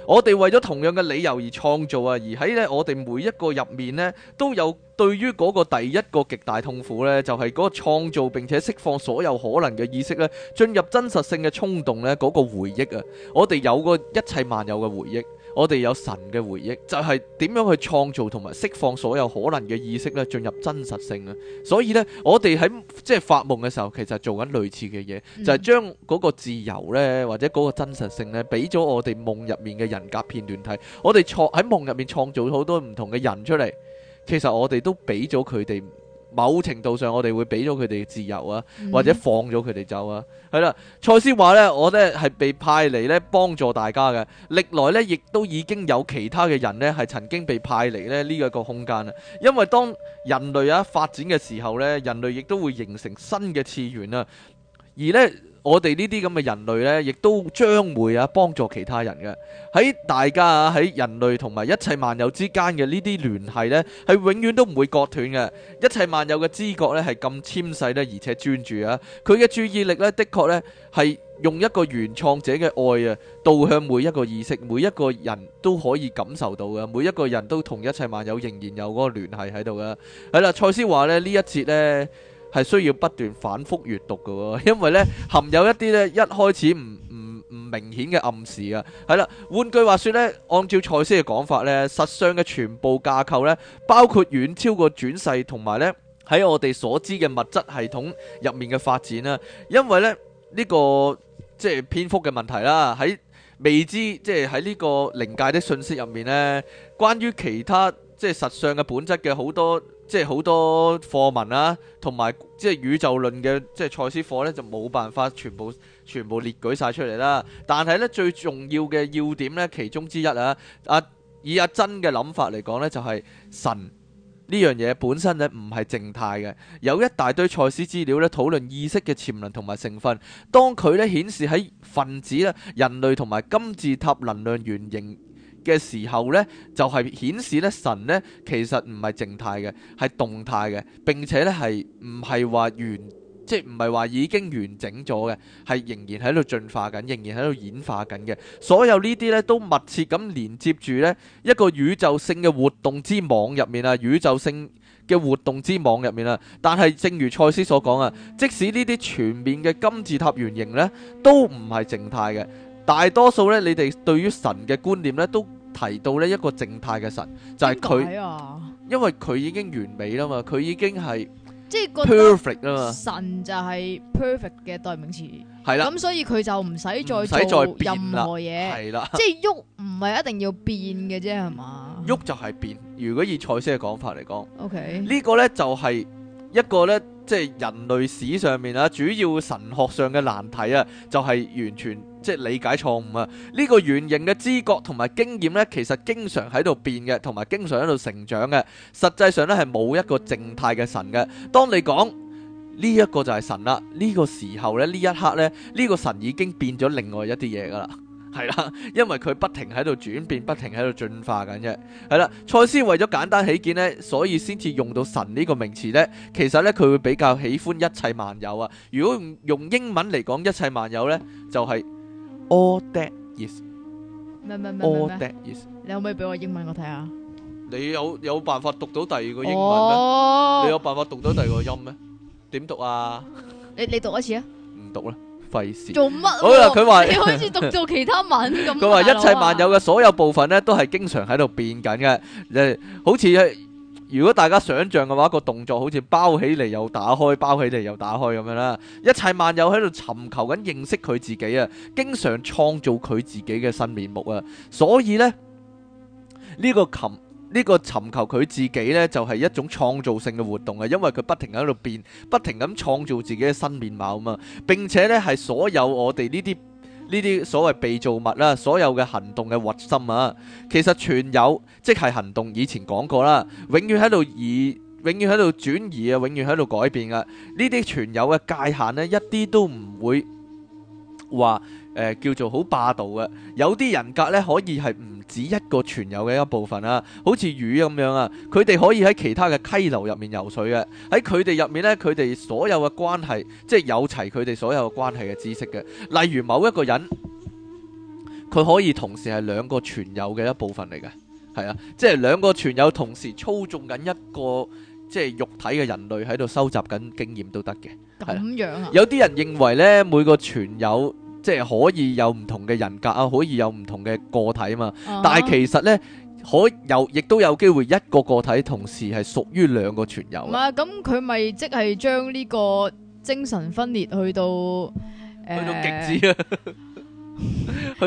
我哋為咗同樣嘅理由而創造啊，而喺呢我哋每一個入面呢，都有對於嗰個第一個極大痛苦呢，就係嗰個創造並且釋放所有可能嘅意識呢，進入真實性嘅衝動呢，嗰個回憶啊。我哋有個一切萬有嘅回憶。我哋有神嘅回憶，就係點樣去創造同埋釋放所有可能嘅意識咧，進入真實性啊！所以呢，我哋喺即係發夢嘅時候，其實做緊類似嘅嘢，就係將嗰個自由呢，或者嗰個真實性呢，俾咗我哋夢入面嘅人格片段睇。我哋創喺夢入面創造咗好多唔同嘅人出嚟，其實我哋都俾咗佢哋。某程度上，我哋會俾咗佢哋自由啊，或者放咗佢哋走啊。係啦，賽斯話呢，我呢係被派嚟呢幫助大家嘅。歷來呢，亦都已經有其他嘅人呢係曾經被派嚟呢呢、這個、一個空間啊。因為當人類啊發展嘅時候呢，人類亦都會形成新嘅次元啊，而呢。我哋呢啲咁嘅人類咧，亦都將會啊幫助其他人嘅喺大家啊喺人類同埋一切萬有之間嘅呢啲聯繫咧，係永遠都唔會割斷嘅。一切萬有嘅知覺咧係咁纖細咧，而且專注啊，佢嘅注意力咧，的確咧係用一個原創者嘅愛啊導向每一個意識，每一個人都可以感受到嘅，每一個人都同一切萬有仍然有嗰個聯繫喺度嘅。係啦，賽斯話咧呢一節咧。係需要不斷反覆閱讀嘅喎，因為呢含有一啲呢一開始唔唔唔明顯嘅暗示啊。係啦，換句話說呢按照賽斯嘅講法呢實相嘅全部架構咧，包括遠超過轉世同埋呢喺我哋所知嘅物質系統入面嘅發展啦。因為呢呢、呢個即係篇幅嘅問題啦，喺未知即係喺呢個靈界的訊息入面呢關於其他即係實相嘅本質嘅好多，即係好多課文啦、啊，同埋即係宇宙論嘅即係賽斯課呢，就冇辦法全部全部列舉晒出嚟啦。但係呢，最重要嘅要點呢其中之一啊，啊以阿珍嘅諗法嚟講呢，就係、是、神呢樣嘢本身呢唔係靜態嘅，有一大堆賽斯資料呢，討論意識嘅潛能同埋成分，當佢呢顯示喺分子呢、人類同埋金字塔能量原型。嘅時候呢，就係顯示呢，神呢，其實唔係靜態嘅，係動態嘅，並且呢，係唔係話完，即係唔係話已經完整咗嘅，係仍然喺度進化緊，仍然喺度演化緊嘅。所有呢啲呢，都密切咁連接住呢一個宇宙性嘅活動之網入面啊，宇宙性嘅活動之網入面啊。但係正如賽斯所講啊，即使呢啲全面嘅金字塔原型呢，都唔係靜態嘅，大多數呢，你哋對於神嘅觀念呢，都，提到呢一個靜態嘅神，就係、是、佢，為因為佢已經完美啦嘛，佢已經係即係 perfect 啊，神就係 perfect 嘅代名詞，係啦的，咁所以佢就唔使再做任何嘢，係啦，即係喐唔係一定要變嘅啫，係嘛，喐就係變。如果以賽斯嘅講法嚟講，OK，呢個呢就係、是。一個咧，即係人類史上面啊，主要神學上嘅難題啊，就係、是、完全即係理解錯誤啊！呢、這個原型嘅知覺同埋經驗咧，其實經常喺度變嘅，同埋經常喺度成長嘅。實際上咧，係冇一個靜態嘅神嘅。當你講呢一個就係神啦，呢、這個時候咧，呢一刻咧，呢、這個神已經變咗另外一啲嘢㗎啦。係啦，因為佢不停喺度轉變，不停喺度進化緊啫。係啦，賽斯為咗簡單起見咧，所以先至用到神呢個名詞咧。其實咧，佢會比較喜歡一切萬有啊。如果用用英文嚟講一切萬有咧，就係 all that is。咩咩咩咩咩？你可唔可以俾我英文我睇下？你有有辦法讀到第二個英文咩？你有辦法讀到第二個音咩？點讀啊？你你讀一次啊？唔讀啦。做乜？好啦，佢話：你好似讀做其他文咁。佢話 說 一切萬有嘅所有部分呢，都係經常喺度變緊嘅。誒，好似如果大家想象嘅話，個動作好似包起嚟又打開，包起嚟又打開咁樣啦。一切萬有喺度尋求緊認識佢自己啊，經常創造佢自己嘅新面目啊。所以呢，呢個琴。呢個尋求佢自己呢，就係一種創造性嘅活動啊！因為佢不停喺度變，不停咁創造自己嘅新面貌啊嘛！並且呢係所有我哋呢啲呢啲所謂被造物啦，所有嘅行動嘅核心啊，其實全有即係行動。以前講過啦，永遠喺度移，永遠喺度轉移啊，永遠喺度改變啊。呢啲全有嘅界限呢，一啲都唔會話。誒、呃、叫做好霸道嘅，有啲人格呢，可以係唔止一個存有嘅一部分啊，好似魚咁樣啊，佢哋可以喺其他嘅溪流入面游水嘅，喺佢哋入面呢，佢哋所有嘅關係，即係有齊佢哋所有嘅關係嘅知識嘅。例如某一個人，佢可以同時係兩個存有嘅一部分嚟嘅，係啊，即係兩個存有同時操縱緊一個即係肉體嘅人類喺度收集緊經驗都得嘅。咁樣啊？啊有啲人認為呢，每個存有。即係可以有唔同嘅人格啊，可以有唔同嘅個體啊嘛。但係其實咧，可有亦都有機會一個個體同時係屬於兩個全有。唔係，咁佢咪即係將呢個精神分裂去到誒極致啊！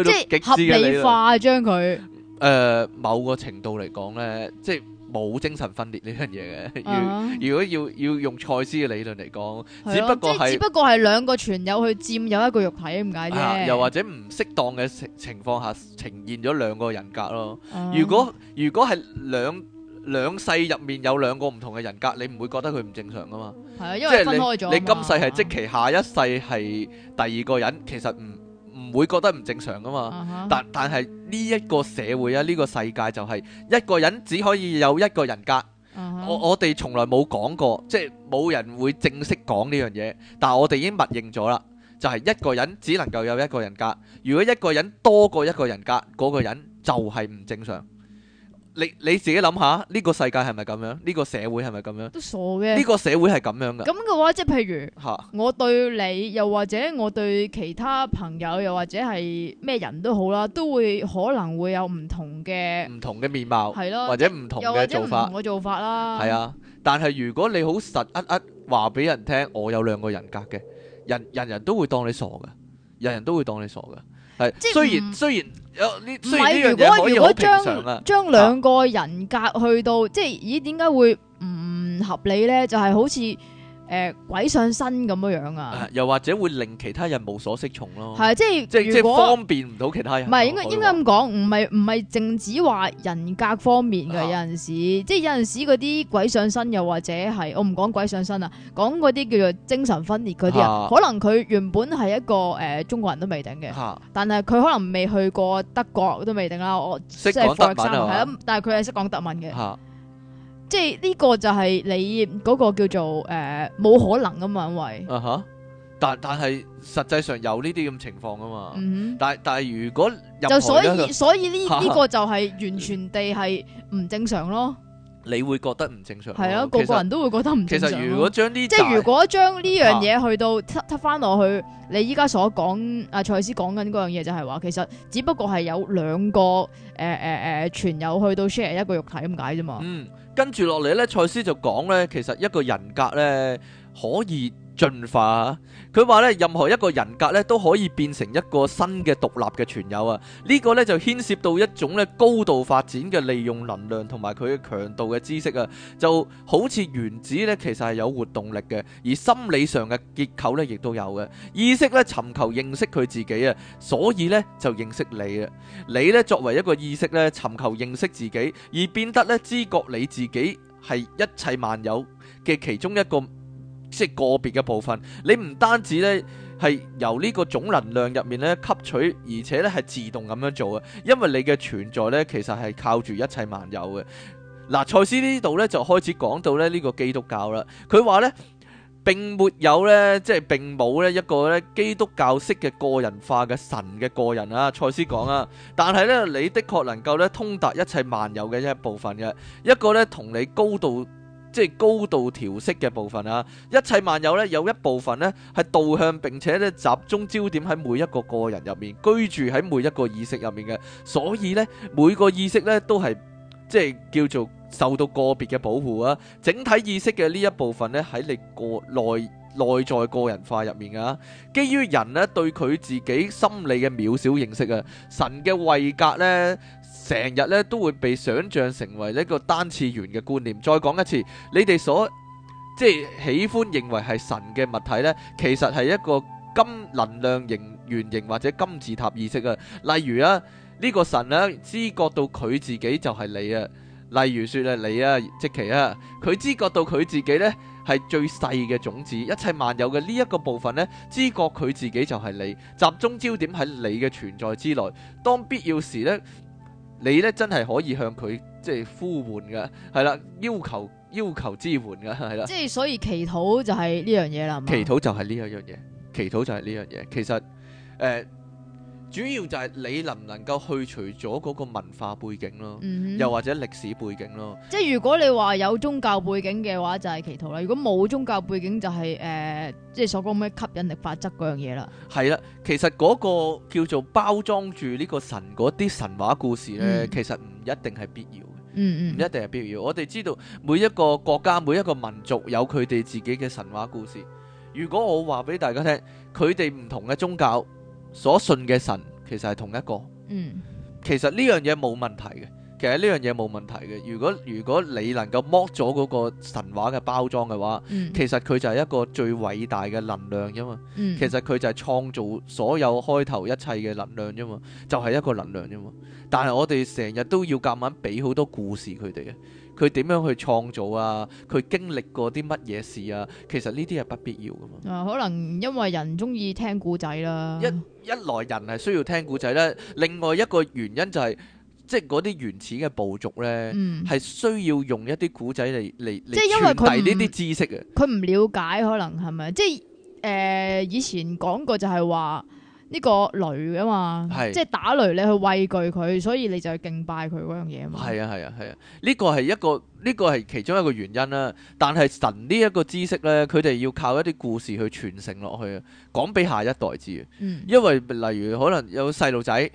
即係合理化將佢誒某個程度嚟講咧，即係。冇精神分裂呢樣嘢嘅，如果要、uh huh. 要，要用賽斯嘅理論嚟講，uh huh. 只不過係、uh huh. 只不過係兩個存有去佔有一個肉體，咁解、uh huh. 又或者唔適當嘅情情況下呈現咗兩個人格咯。Uh huh. 如果如果係兩兩世入面有兩個唔同嘅人格，你唔會覺得佢唔正常㗎嘛？係啊、uh，huh. 因為分開咗。你，你今世係即其下一世係第二個人，其實唔。唔會覺得唔正常噶嘛？Uh huh. 但但係呢一個社會啊，呢、這個世界就係一個人只可以有一個人格。Uh huh. 我我哋從來冇講過，即係冇人會正式講呢樣嘢。但係我哋已經默認咗啦，就係、是、一個人只能夠有一個人格。如果一個人多過一個人格，嗰、那個人就係唔正常。你你自己諗下，呢個世界係咪咁樣？呢個社會係咪咁樣？都傻嘅。呢個社會係咁樣㗎。咁嘅話，即係譬如，我對你，又或者我對其他朋友，又或者係咩人都好啦，都會可能會有唔同嘅唔同嘅面貌，或者唔同嘅做法啦。係啊，但係如果你好實呃呃話俾人聽，我有兩個人格嘅，人人人都會當你傻㗎，人人都會當你傻㗎。係，即係雖然、嗯、雖然有呢，唔係如果如果將、啊、將兩個人格去到，即係咦點解會唔合理咧？就係、是、好似。誒，鬼上身咁樣樣啊？又或者會令其他人無所適從咯？係，即係即係方便唔到其他人。唔係，應該應該咁講，唔係唔係淨只話人格方面嘅。有陣時即係有陣時嗰啲鬼上身，又或者係我唔講鬼上身啊，講嗰啲叫做精神分裂嗰啲人啊。可能佢原本係一個誒中國人都未定嘅，但係佢可能未去過德國都未定啦。我識講德文係咯，但係佢係識講德文嘅。即係呢個就係你嗰個叫做誒冇、呃、可能噶嘛，因為啊哈、uh huh.，但但係實際上有呢啲咁情況噶嘛，嗯哼，但但係如果就，就所以所以呢呢、啊、個就係完全地係唔正常咯，你會覺得唔正常係啊，個個人都會覺得唔正常其。其實如果將啲即係如果將呢樣嘢去到 cut 翻落去，啊、你依家所講阿、啊、賽斯講緊嗰樣嘢就係話，其實只不過係有兩個誒誒誒全有去到 share 一個肉體咁解啫嘛，嗯。跟住落嚟咧，賽斯就講咧，其實一個人格咧可以，進化，佢話咧，任何一個人格咧都可以變成一個新嘅獨立嘅存有啊！呢、這個咧就牽涉到一種咧高度發展嘅利用能量同埋佢嘅強度嘅知識啊！就好似原子咧，其實係有活動力嘅，而心理上嘅結構咧亦都有嘅意識咧，尋求認識佢自己啊，所以咧就認識你啊！你咧作為一個意識咧，尋求認識自己而變得咧知覺你自己係一切萬有嘅其中一個。即係個別嘅部分，你唔單止呢係由呢個總能量入面咧吸取，而且呢係自動咁樣做嘅，因為你嘅存在呢其實係靠住一切萬有嘅。嗱，賽斯呢度呢就開始講到咧呢個基督教啦，佢話呢，並沒有呢，即係並冇呢一個咧基督教式嘅個人化嘅神嘅個人啊，賽斯講啊，但係呢，你的確能夠咧通達一切萬有嘅一部分嘅，一個呢，同你高度。即係高度調色嘅部分啊，一切萬有咧有一部分咧係導向並且咧集中焦點喺每一個個人入面，居住喺每一個意識入面嘅，所以咧每個意識咧都係即係叫做受到個別嘅保護啊。整體意識嘅呢一部分咧喺你個內內在個人化入面啊，基於人咧對佢自己心理嘅渺小認識啊，神嘅位格呢。成日咧都會被想象成為一個單次元嘅觀念。再講一次，你哋所即係喜歡認為係神嘅物體呢，其實係一個金能量形圓形或者金字塔意識啊。例如啊，呢、這個神呢、啊，知覺到佢自己就係你啊。例如説咧，你啊，即其啊，佢知覺到佢自己呢係最細嘅種子，一切萬有嘅呢一個部分呢，知覺佢自己就係你，集中焦點喺你嘅存在之內。當必要時呢。你咧真係可以向佢即係呼喚嘅，係啦，要求要求支援嘅，係啦。即係所以祈禱就係呢樣嘢啦。祈禱就係呢樣嘢，祈禱就係呢樣嘢。其實誒。呃主要就係你能唔能夠去除咗嗰個文化背景咯，嗯嗯，又或者歷史背景咯。即係如果你話有宗教背景嘅話，就係祈禱啦；如果冇宗教背景、就是，就係誒，即係所講咩吸引力法則嗰樣嘢啦。係啦、啊，其實嗰個叫做包裝住呢個神嗰啲神話故事呢，嗯、其實唔一定係必要嘅。唔、嗯嗯、一定係必要。我哋知道每一個國家、每一個民族有佢哋自己嘅神話故事。如果我話俾大家聽，佢哋唔同嘅宗教所信嘅神其實係同一個，嗯、其實呢樣嘢冇問題嘅，其實呢樣嘢冇問題嘅。如果如果你能夠剝咗嗰個神話嘅包裝嘅話，嗯、其實佢就係一個最偉大嘅能量啫嘛。嗯、其實佢就係創造所有開頭一切嘅能量啫嘛，就係、是、一個能量啫嘛。但係我哋成日都要夾硬俾好多故事佢哋啊。佢點樣去創造啊？佢經歷過啲乜嘢事啊？其實呢啲係不必要噶嘛、啊。可能因為人中意聽古仔啦。一一來人係需要聽古仔咧，另外一個原因就係、是、即係嗰啲原始嘅部族咧，係、嗯、需要用一啲古仔嚟，嚟即係因為佢唔呢啲知識啊。佢唔了解可能係咪？即係誒、呃、以前講過就係話。呢個雷啊嘛，啊即係打雷你去畏懼佢，所以你就去敬拜佢嗰樣嘢嘛。係啊係啊係啊，呢個係一個，呢個係其中一個原因啦。但係神呢一個知識呢，佢哋要靠一啲故事去傳承落去，講俾下一代知。嗯，因為例如可能有細路仔。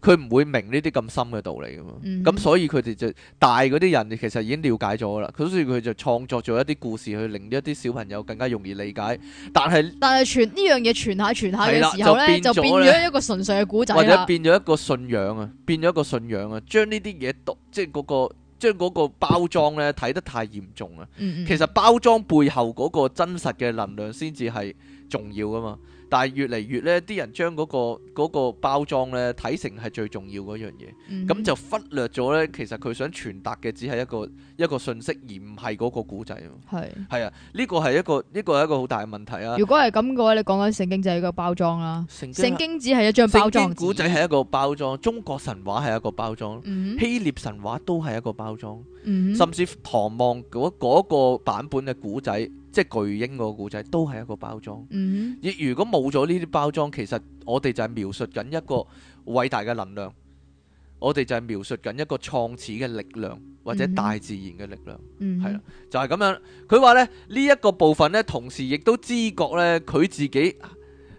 佢唔會明呢啲咁深嘅道理啊嘛，咁、嗯、哼所以佢哋就大嗰啲人其實已經了解咗啦，所以佢就創作咗一啲故事去令一啲小朋友更加容易理解。但係但係傳呢樣嘢傳下傳下嘅時候咧，就變咗一個純粹嘅古仔，或者變咗一個信仰啊，變咗個信仰啊，將呢啲嘢讀即係嗰個將嗰個包裝咧睇得太嚴重啊。嗯、哼其實包裝背後嗰個真實嘅能量先至係重要㗎嘛。但係越嚟越咧，啲人將嗰、嗰個、嗰個包裝咧睇成係最重要嗰、mm hmm. 樣嘢，咁就忽略咗咧。其實佢想傳達嘅只係一個一個信息，而唔係嗰個古仔。係係是啊，呢、呢個係一個呢、呢個係一個好大嘅問題啊！如果係咁嘅話，你講緊聖經就係一個包裝啦。聖經，經只係一張包裝，古仔係一個包裝。中國神話係一個包裝，mm hmm. 希臘神話都係一個包裝，mm hmm. 甚至唐望嗰嗰個版本嘅古仔。即係巨嬰個古仔都係一個包裝，而如果冇咗呢啲包裝，其實我哋就係描述緊一個偉大嘅能量，我哋就係描述緊一個創始嘅力量或者大自然嘅力量，係啦、嗯哼，就係咁樣。佢話呢，呢一個部分呢，同時亦都知覺呢，佢自己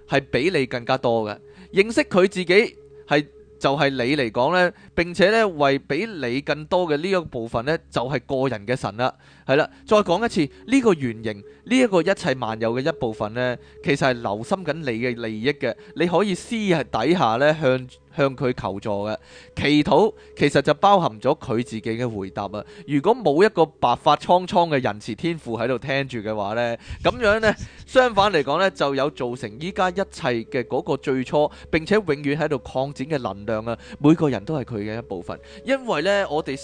係比你更加多嘅，認識佢自己係就係你嚟講呢，並且呢為比你更多嘅呢一個部分呢，就係個人嘅神啦。係啦，再講一次，呢、這個原型，呢、這、一個一切萬有嘅一部分呢，其實係留心緊你嘅利益嘅，你可以私底下呢，向向佢求助嘅。祈禱其實就包含咗佢自己嘅回答啊！如果冇一個白髮蒼蒼嘅仁慈天父喺度聽住嘅話呢，咁樣呢，相反嚟講呢，就有造成依家一切嘅嗰個最初並且永遠喺度擴展嘅能量啊！每個人都係佢嘅一部分，因為呢，我哋。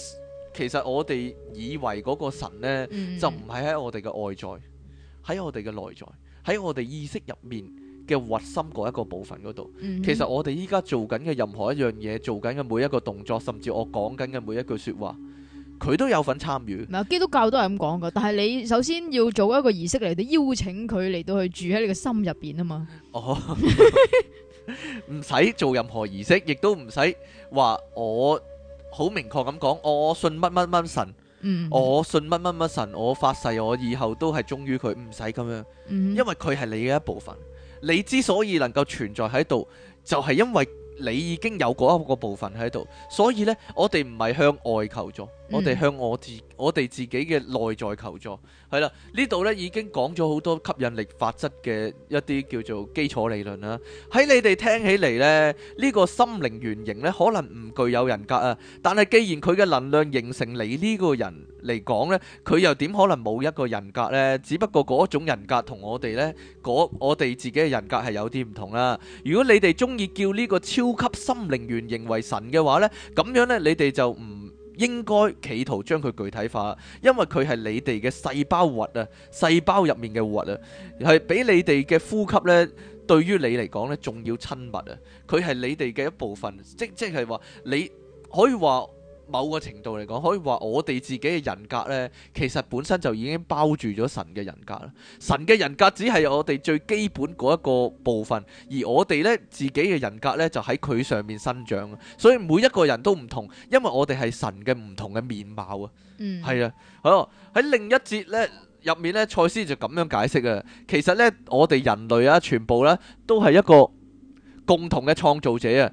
其實我哋以為嗰個神呢，mm. 就唔係喺我哋嘅外在，喺我哋嘅內在，喺我哋意識入面嘅核心嗰一個部分嗰度。Mm hmm. 其實我哋依家做緊嘅任何一樣嘢，做緊嘅每一個動作，甚至我講緊嘅每一句說話，佢都有份參與。唔係，基督教都係咁講噶，但係你首先要做一個儀式嚟到邀請佢嚟到去住喺你嘅心入邊啊嘛。哦，唔使做任何儀式，亦都唔使話我。好明確咁講，我信乜乜乜神，嗯、我信乜乜乜神，我發誓我以後都係忠於佢，唔使咁樣，因為佢係你嘅一部分。你之所以能夠存在喺度，就係因為你已經有嗰一個部分喺度，所以咧我哋唔係向外求助。我哋向我自我哋自己嘅內在求助，係啦，呢度咧已經講咗好多吸引力法則嘅一啲叫做基礎理論啦。喺你哋聽起嚟咧，呢個心靈原型咧可能唔具有人格啊，但係既然佢嘅能量形成你呢個人嚟講咧，佢又點可能冇一個人格咧？只不過嗰一種人格同我哋咧，嗰我哋自己嘅人格係有啲唔同啦。如果你哋中意叫呢個超級心靈原型為神嘅話咧，咁樣咧，你哋就唔。應該企圖將佢具體化，因為佢係你哋嘅細胞核啊，細胞入面嘅核啊，係比你哋嘅呼吸呢。對於你嚟講呢，仲要親密啊，佢係你哋嘅一部分，即即係話你可以話。某個程度嚟講，可以話我哋自己嘅人格呢，其實本身就已經包住咗神嘅人格啦。神嘅人格只係我哋最基本嗰一個部分，而我哋呢，自己嘅人格呢，就喺佢上面生長。所以每一個人都唔同，因為我哋係神嘅唔同嘅面貌、嗯、啊。係啊，喺喺另一節呢入面呢，賽斯就咁樣解釋啊。其實呢，我哋人類啊，全部呢、啊，都係一個共同嘅創造者啊。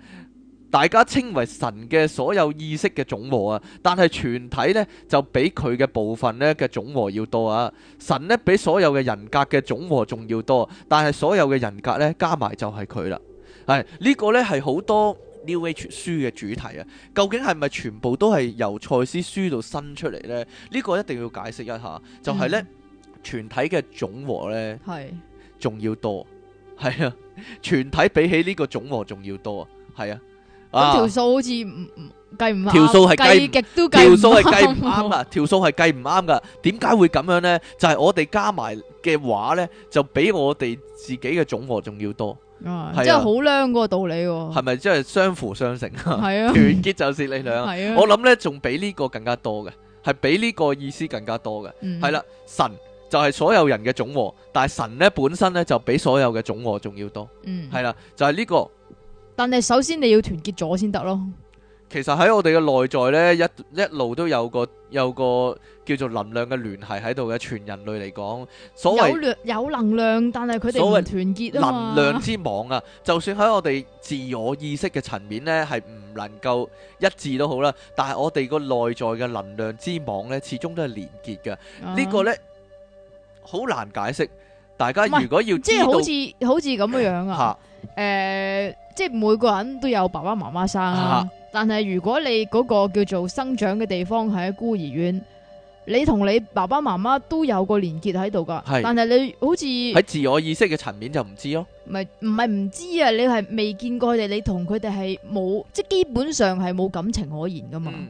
大家稱為神嘅所有意識嘅總和啊，但係全體呢，就比佢嘅部分呢嘅總和要多啊。神呢，比所有嘅人格嘅總和仲要多，但係所有嘅人格呢，加埋就係佢啦。係呢個呢，係好多 New Age 書嘅主題啊。究竟係咪全部都係由賽斯書度生出嚟呢？呢、這個一定要解釋一下。就係、是、呢，嗯、全體嘅總和呢，係仲是要多係啊。全體比起呢個總和仲要多啊，係啊。條數好似唔唔計唔條數係計極都計唔啱啊！條數係計唔啱噶，點解會咁樣咧？就係我哋加埋嘅話咧，就比我哋自己嘅總和仲要多啊！即係好靚個道理，係咪即係相輔相成啊？係啊，團結就是你兩。係啊，我諗咧仲比呢個更加多嘅，係比呢個意思更加多嘅。係啦，神就係所有人嘅總和，但係神咧本身咧就比所有嘅總和仲要多。嗯，係啦，就係呢個。但係首先你要團結咗先得咯。其實喺我哋嘅內在呢，一一路都有個有個叫做能量嘅聯繫喺度嘅。全人類嚟講，所有有能量，但係佢哋唔團結啊嘛。能量之網啊，就算喺我哋自我意識嘅層面呢，係唔能夠一致都好啦。但係我哋個內在嘅能量之網呢，始終都係連結嘅。呢、uh huh. 個呢，好難解釋。大家如果要、uh huh. 即係好似好似咁嘅樣啊。誒、呃，即係每個人都有爸爸媽媽生啦、啊啊、但係如果你嗰個叫做生長嘅地方係喺孤兒院，你同你爸爸媽媽都有個連結喺度噶，是但係你好似喺自我意識嘅層面就唔知咯，唔係唔係唔知啊，你係未見過佢哋，你同佢哋係冇，即係基本上係冇感情可言噶嘛，嗯、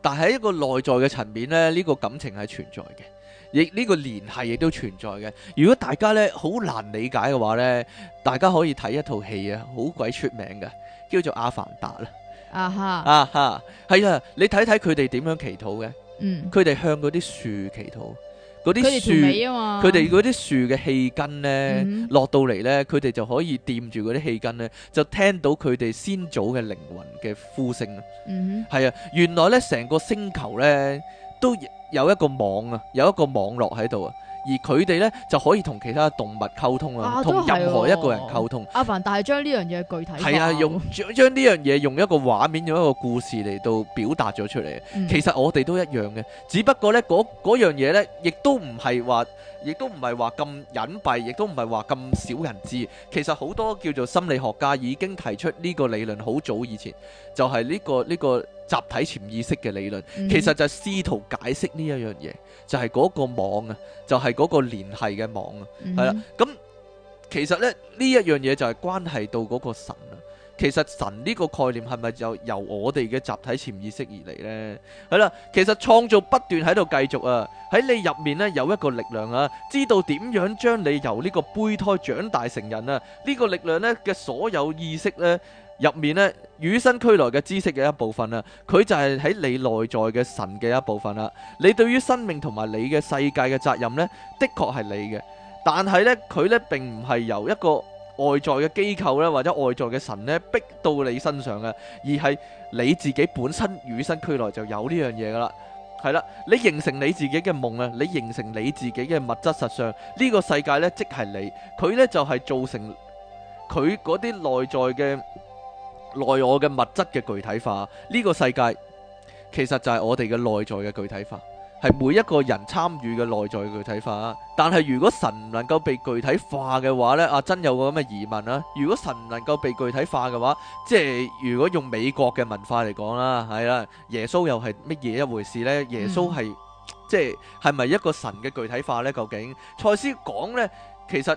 但係喺一個內在嘅層面咧，呢、這個感情係存在嘅。亦呢個聯繫亦都存在嘅。如果大家呢好難理解嘅話呢，大家可以睇一套戲啊，好鬼出名嘅，叫做《阿凡達》啦、啊。啊哈！啊哈！係、嗯、啊，你睇睇佢哋點樣祈禱嘅？嗯。佢哋向嗰啲樹祈禱，啲樹。佢哋嗰啲樹嘅氣根呢，落到嚟呢，佢哋就可以掂住嗰啲氣根呢，就聽到佢哋先祖嘅靈魂嘅呼聲啊。嗯啊哼，原來呢成個星球呢。都有一個網啊，有一個網絡喺度啊，而佢哋呢就可以同其他動物溝通啦，同、啊、任何一個人溝通。啊哦、阿凡達係將呢樣嘢具體，係啊，用將將呢樣嘢用一個畫面，用一個故事嚟到表達咗出嚟。其實我哋都一樣嘅，嗯、只不過呢嗰樣嘢呢，亦都唔係話。亦都唔係話咁隱蔽，亦都唔係話咁少人知。其實好多叫做心理學家已經提出呢個理論好早以前，就係呢個呢個集體潛意識嘅理論。其實就係試圖解釋呢一樣嘢，就係嗰個網啊，就係嗰個聯繫嘅網啊，係啦。咁其實咧呢一樣嘢就係關係到嗰個神啊。其實神呢個概念係咪就由我哋嘅集體潛意識而嚟咧？係啦，其實創造不斷喺度繼續啊！喺你入面咧有一個力量啊，知道點樣將你由呢個胚胎長大成人啊！呢個力量咧嘅所有意識咧入面咧與生俱來嘅知識嘅一部分啊，佢就係喺你內在嘅神嘅一部分啦。你對於生命同埋你嘅世界嘅責任咧，的確係你嘅，但係咧佢咧並唔係由一個外在嘅機構咧，或者外在嘅神咧，逼到你身上嘅，而係你自己本身與生俱來就有呢樣嘢噶啦，係啦，你形成你自己嘅夢啊，你形成你自己嘅物質實相呢，這個世界咧，即係你佢呢就係、是、造成佢嗰啲內在嘅內我嘅物質嘅具體化，呢個世界其實就係我哋嘅內在嘅具體化。這個係每一個人參與嘅內在具體化，但係如果神唔能夠被具體化嘅話呢，阿珍有個咁嘅疑問啦、啊。如果神唔能夠被具體化嘅話，即係如果用美國嘅文化嚟講啦，係啦，耶穌又係乜嘢一回事呢？耶穌係、嗯、即係係咪一個神嘅具體化呢？究竟賽斯講呢，其實。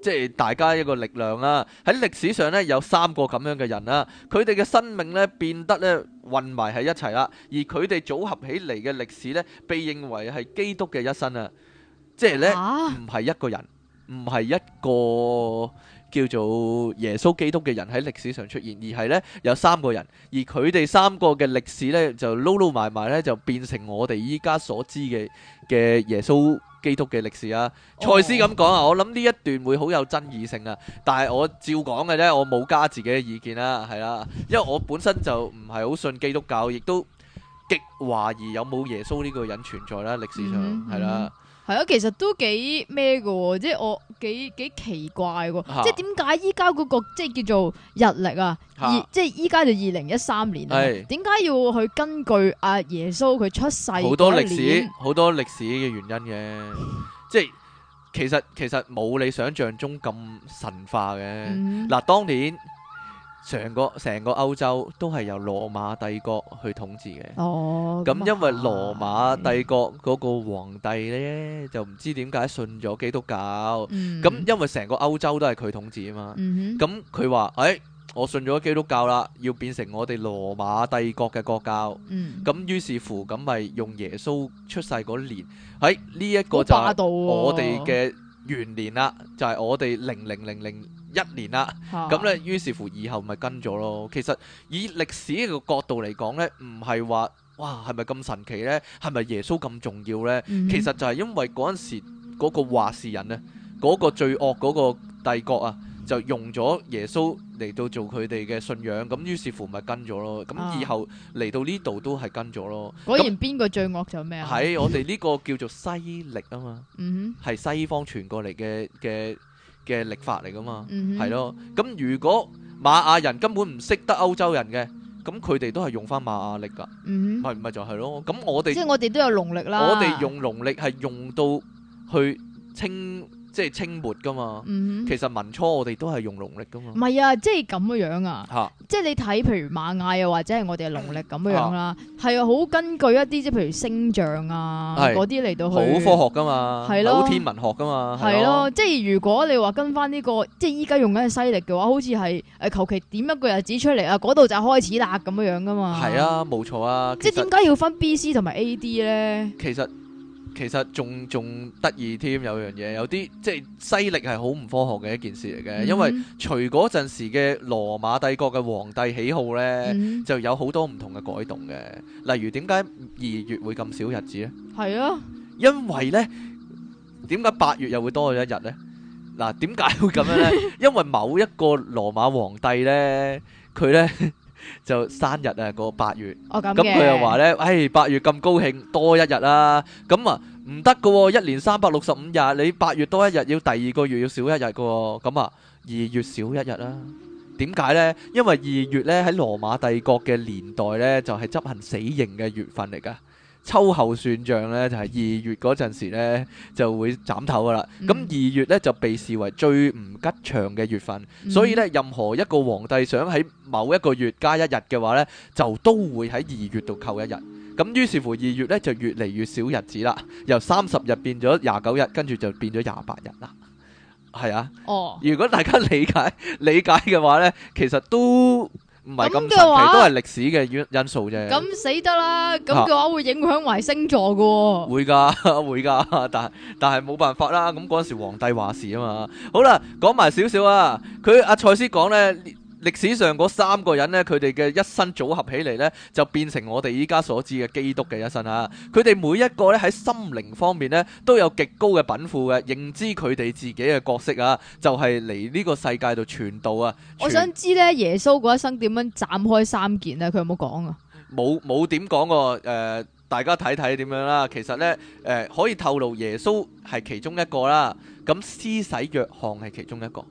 即係大家一個力量啦，喺歷史上呢，有三個咁樣嘅人啦，佢哋嘅生命呢，變得呢混埋喺一齊啦，而佢哋組合起嚟嘅歷史呢，被認為係基督嘅一生啊，即係呢，唔係一個人，唔係一個叫做耶穌基督嘅人喺歷史上出現，而係呢，有三個人，而佢哋三個嘅歷史呢，就撈撈埋埋呢，就變成我哋依家所知嘅嘅耶穌。基督嘅歷史啊，賽斯咁講啊，我諗呢一段會好有爭議性啊，但係我照講嘅啫，我冇加自己嘅意見啦、啊，係啦、啊，因為我本身就唔係好信基督教，亦都極懷疑有冇耶穌呢個人存在啦、啊，歷史上，係啦。係啊， 其實都幾咩嘅喎，即係我幾幾奇怪喎、啊嗰個，即係點解依家嗰個即係叫做日曆啊，啊即係依家就二零一三年、啊，點解是要去根據阿耶穌佢出世好多歷史好多歷史嘅原因嘅， 即係其實其實冇你想象中咁神化嘅，嗱、嗯啊、當年。成個成個歐洲都係由羅馬帝國去統治嘅哦，咁因為羅馬帝國嗰個皇帝呢就唔知點解信咗基督教，咁因為成個歐洲都係佢統治啊嘛，咁佢話：誒，我信咗基督教啦，要變成我哋羅馬帝國嘅國教，咁於是乎咁咪用耶穌出世嗰年喺呢一個就係我哋嘅元年啦，就係我哋零零零零一年啦，咁咧，於是乎以後咪跟咗咯。其實以歷史嘅角度嚟講呢，唔係話哇係咪咁神奇呢？係咪耶穌咁重要呢？嗯哼」其實就係因為嗰陣時嗰、嗰個話事人呢，嗰、嗰個最惡嗰個帝國啊，就用咗耶穌嚟到做佢哋嘅信仰，咁於是乎咪跟咗咯。咁以後嚟到呢度都係跟咗咯。果然邊個最惡就咩啊？喺那 我哋呢個叫做西曆啊嘛，係、嗯、哼西方傳過嚟嘅嘅。嘅曆法嚟噶嘛，係咯、嗯哼，咁如果瑪雅人根本唔識得歐洲人嘅，咁佢哋都係用翻瑪雅曆噶，係咪、嗯、哼就係咯？咁我哋即係我哋都有農曆啦，我哋用農曆係用到去清。即係清末噶嘛，嗯、哼其實民初我哋都係用農曆噶嘛。唔係啊，即係咁樣樣啊。啊即係你睇，譬如瑪雅又或者係我哋嘅、啊「農曆咁樣啦，係好根據一啲即係譬如星象啊嗰啲嚟到好科學噶嘛，係咯、啊，好天文學噶嘛，係咯、啊啊。即係如果你話跟翻呢、這個，即係依家用緊係西曆嘅話，好似係誒求其點一個日子出嚟啊，嗰度就開始啦咁樣樣噶嘛。係啊，冇錯啊。即係點解要分 B.C. 同埋 A.D. 咧？其實。其實仲仲得意添，有樣嘢，有啲即係西曆係好唔科學嘅一件事嚟嘅，因為隨嗰陣時嘅羅馬帝國嘅皇帝喜好呢，就有好多唔同嘅改動嘅，例如點解二月會咁少日子呢？係啊，因為呢，點解八月又會多咗一日呢？嗱，點解會咁樣呢？因為某一個羅馬皇帝呢，佢呢。就生日啊，個八月，咁佢又話呢，唉、哎，八月咁高興，多一日啦、啊，咁啊唔得噶，一年三百六十五日，你八月多一日，要第二個月要少一日噶、啊，咁啊二月少一日啦、啊，點解呢？因為二月呢，喺羅馬帝國嘅年代呢，就係、是、執行死刑嘅月份嚟噶。秋後算賬呢，就係二月嗰陣時呢就會斬頭噶啦。mm hmm. 咁二月呢就被視為最唔吉祥嘅月份，所以呢，任何一個皇帝想喺某一個月加一日嘅話呢，就都會喺二月度扣一日。咁於是乎，二月呢就越嚟越少日子啦，由三十日變咗廿九日，跟住就變咗廿八日啦。係啊，哦，oh. 如果大家理解理解嘅話呢，其實都。唔係咁神奇，都係歷史嘅因素啫。咁死得啦！咁嘅話會影響埋星座㗎？哦啊。會㗎，會㗎，但係但係冇辦法啦。咁嗰陣時皇帝話事啊嘛。好啦，講埋少少啊。佢阿賽斯講咧。歷史上嗰三個人呢，佢哋嘅一生組合起嚟呢，就變成我哋依家所知嘅基督嘅一生啊！佢哋每一個呢，喺心靈方面呢，都有極高嘅稟賦嘅，認知佢哋自己嘅角色啊，就係嚟呢個世界度傳道啊！我想知呢，耶穌嗰一生點樣斬開三件呢？佢有冇講啊？冇冇點講過？誒、呃，大家睇睇點樣啦！其實呢，誒、呃，可以透露耶穌係其中一個啦。咁施洗約翰係其中一個，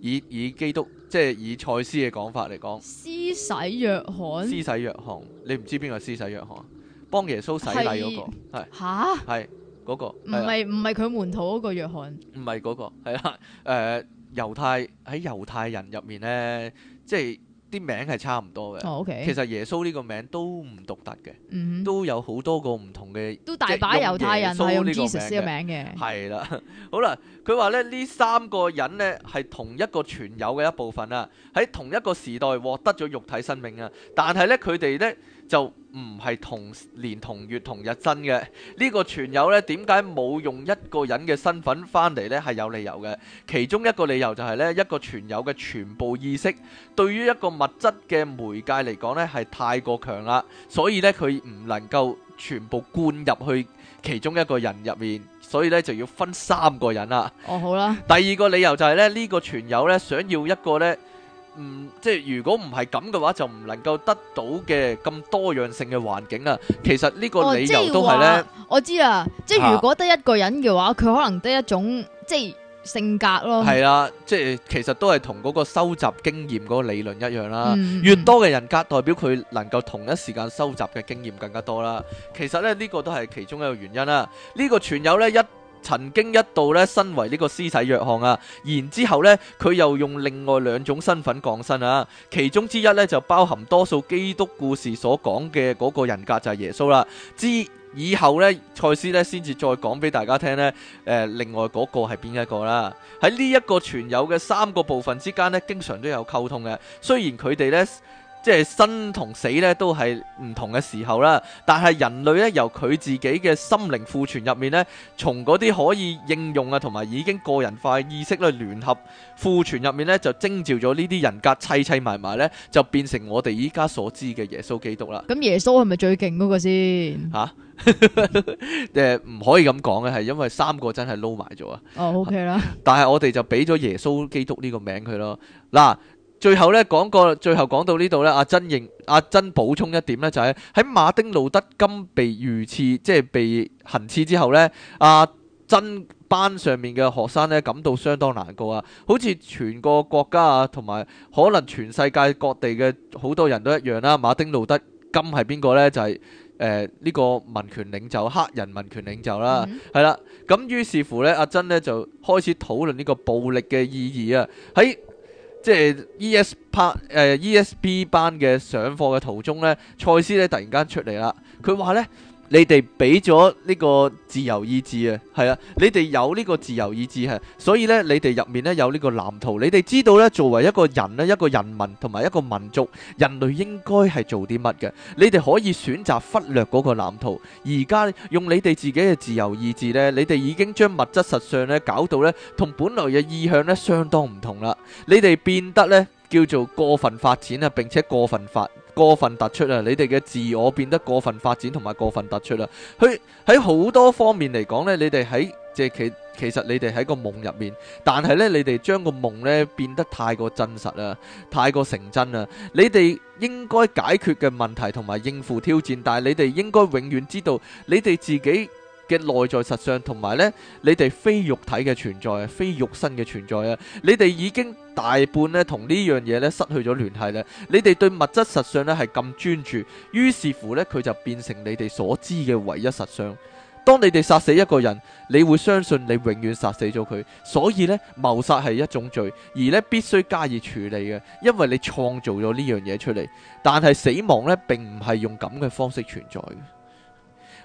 以以基督。即係以賽斯嘅講法嚟講，施洗約翰。施洗約翰，你唔知邊個施洗約翰啊？幫耶穌洗禮嗰是、嗰個，係嚇蛤，係嗰、嗰個。唔係唔係佢門徒嗰個約翰。唔係嗰個，係啦。誒、呃，猶太喺猶太人入面咧，即係。啲名係差唔多嘅，oh, okay. 其實耶穌呢個名都唔獨特嘅，mm hmm. 都有好多個唔同嘅，都大把猶太人係用，用 Jesus 名嘅。係啦，是的 好啦，佢話咧呢三個人呢係同一個存有嘅一部分啦，喺同一個時代獲得咗肉體生命啊，但係呢，佢哋呢就。唔係同年同月同日生嘅呢個傳友呢，點解冇用一個人嘅身份翻嚟呢？係有理由嘅。其中一個理由就係呢：一個傳友嘅全部意識對於一個物質嘅媒介嚟講呢，係太過強啦，所以呢，佢唔能夠全部灌入去其中一個人入面，所以呢，就要分三個人啦。哦，好啦。第二個理由就係呢：呢個傳友呢，想要一個呢。嗯，即係如果唔係咁嘅話，就唔能夠得到嘅咁多樣性嘅環境啦。其實呢個理由都係呢，我知呀。即係如果得一個人嘅話，佢可能得一種即係性格咯。係啊，即係其實都係同嗰個收集經驗嗰個理論一樣啦。越多嘅人格，代表佢能夠同一時間收集嘅經驗更加多啦。其實呢呢個都係其中一個原因啦。呢個全友呢一。曾經一度咧，身為呢個施洗約翰啊，然之後呢，佢又用另外兩種身份降身啊，其中之一呢，就包含多數基督故事所講嘅嗰個人格就係耶穌啦。之以後呢，賽斯呢，先至再講俾大家聽呢。誒、呃、另外嗰個係邊一個啦？喺呢一個存有嘅三個部分之間呢，經常都有溝通嘅，雖然佢哋呢。即係生同死咧，都係唔同嘅時候啦。但係人類咧，由佢自己嘅心靈庫存入面咧，從嗰啲可以應用嘅，同埋已經個人化意識去聯合庫存入面咧，就徵召咗呢啲人格，砌砌埋埋咧，就變成我哋依家所知嘅耶穌基督啦。咁耶穌係咪最勁嗰個先？吓、啊，誒，唔可以咁講嘅，係因為三個真係撈埋咗啊。哦，OK 啦。但係我哋就俾咗耶穌基督呢個名佢咯。嗱、啊。最後咧講過，最後講到呢度咧。阿珍認，阿珍補充一點咧，就係喺馬丁路德金被遇刺，即、就、係、是、被行刺之後咧。阿珍班上面嘅學生咧，感到相當難過啊，好似全個國家啊，同埋可能全世界各地嘅好多人都一樣啦。馬丁路德金係邊個咧？就係誒呢個民權領袖，黑人民權領袖啦，係啦、mm。咁、hmm。於是乎咧，阿珍咧就開始討論呢個暴力嘅意義啊，喺。即係 E.S.P. 誒 E.S.B. 班，嘅上課嘅途中咧，賽斯咧突然間出嚟啦，佢話咧。你哋俾咗呢個自由意志啊，係啊，你哋有呢個自由意志係，所以呢，你哋入面呢有呢個藍圖，你哋知道呢，作為一個人咧一個人民同埋一個民族，人類應該係做啲乜嘅？你哋可以選擇忽略嗰個藍圖，而家用你哋自己嘅自由意志呢，你哋已經將物質實相呢搞到呢同本來嘅意向呢相當唔同啦，你哋變得呢叫做過分發展啊，並且過分發。過分突出啊！你哋嘅自我變得過分發展同埋過分突出啦。佢喺好多方面嚟講呢，你哋喺即係其其實你哋喺個夢入面，但係呢，你哋將個夢呢變得太過真實啦，太過成真啦。你哋應該解決嘅問題同埋應付挑戰，但係你哋應該永遠知道你哋自己嘅內在實相，同埋呢，你哋非肉體嘅存在，非肉身嘅存在啊！你哋已經大半呢同呢樣嘢呢失去咗聯繫啦。你哋對物質實相呢係咁專注，於是乎呢，佢就變成你哋所知嘅唯一實相。當你哋殺死一個人，你會相信你永遠殺死咗佢。所以呢，謀殺係一種罪，而呢必須加以處理嘅，因為你創造咗呢樣嘢出嚟。但係死亡呢，並唔係用咁嘅方式存在嘅。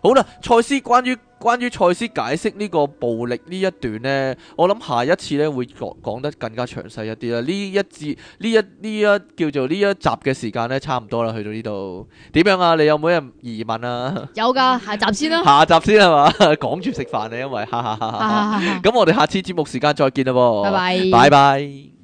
好啦，賽斯關於關於，賽斯解釋呢個暴力呢一段呢，我諗下一次咧會講講得更加詳細一啲啦。呢一節呢一呢一叫做呢一集嘅時間咧，差唔多啦，去到呢度點樣啊？你有冇人疑問啊？有噶下集先啦，下集先係嘛，講住食飯咧，因為哈哈哈哈，咁 我哋下次節目時間再見啦，拜拜拜拜。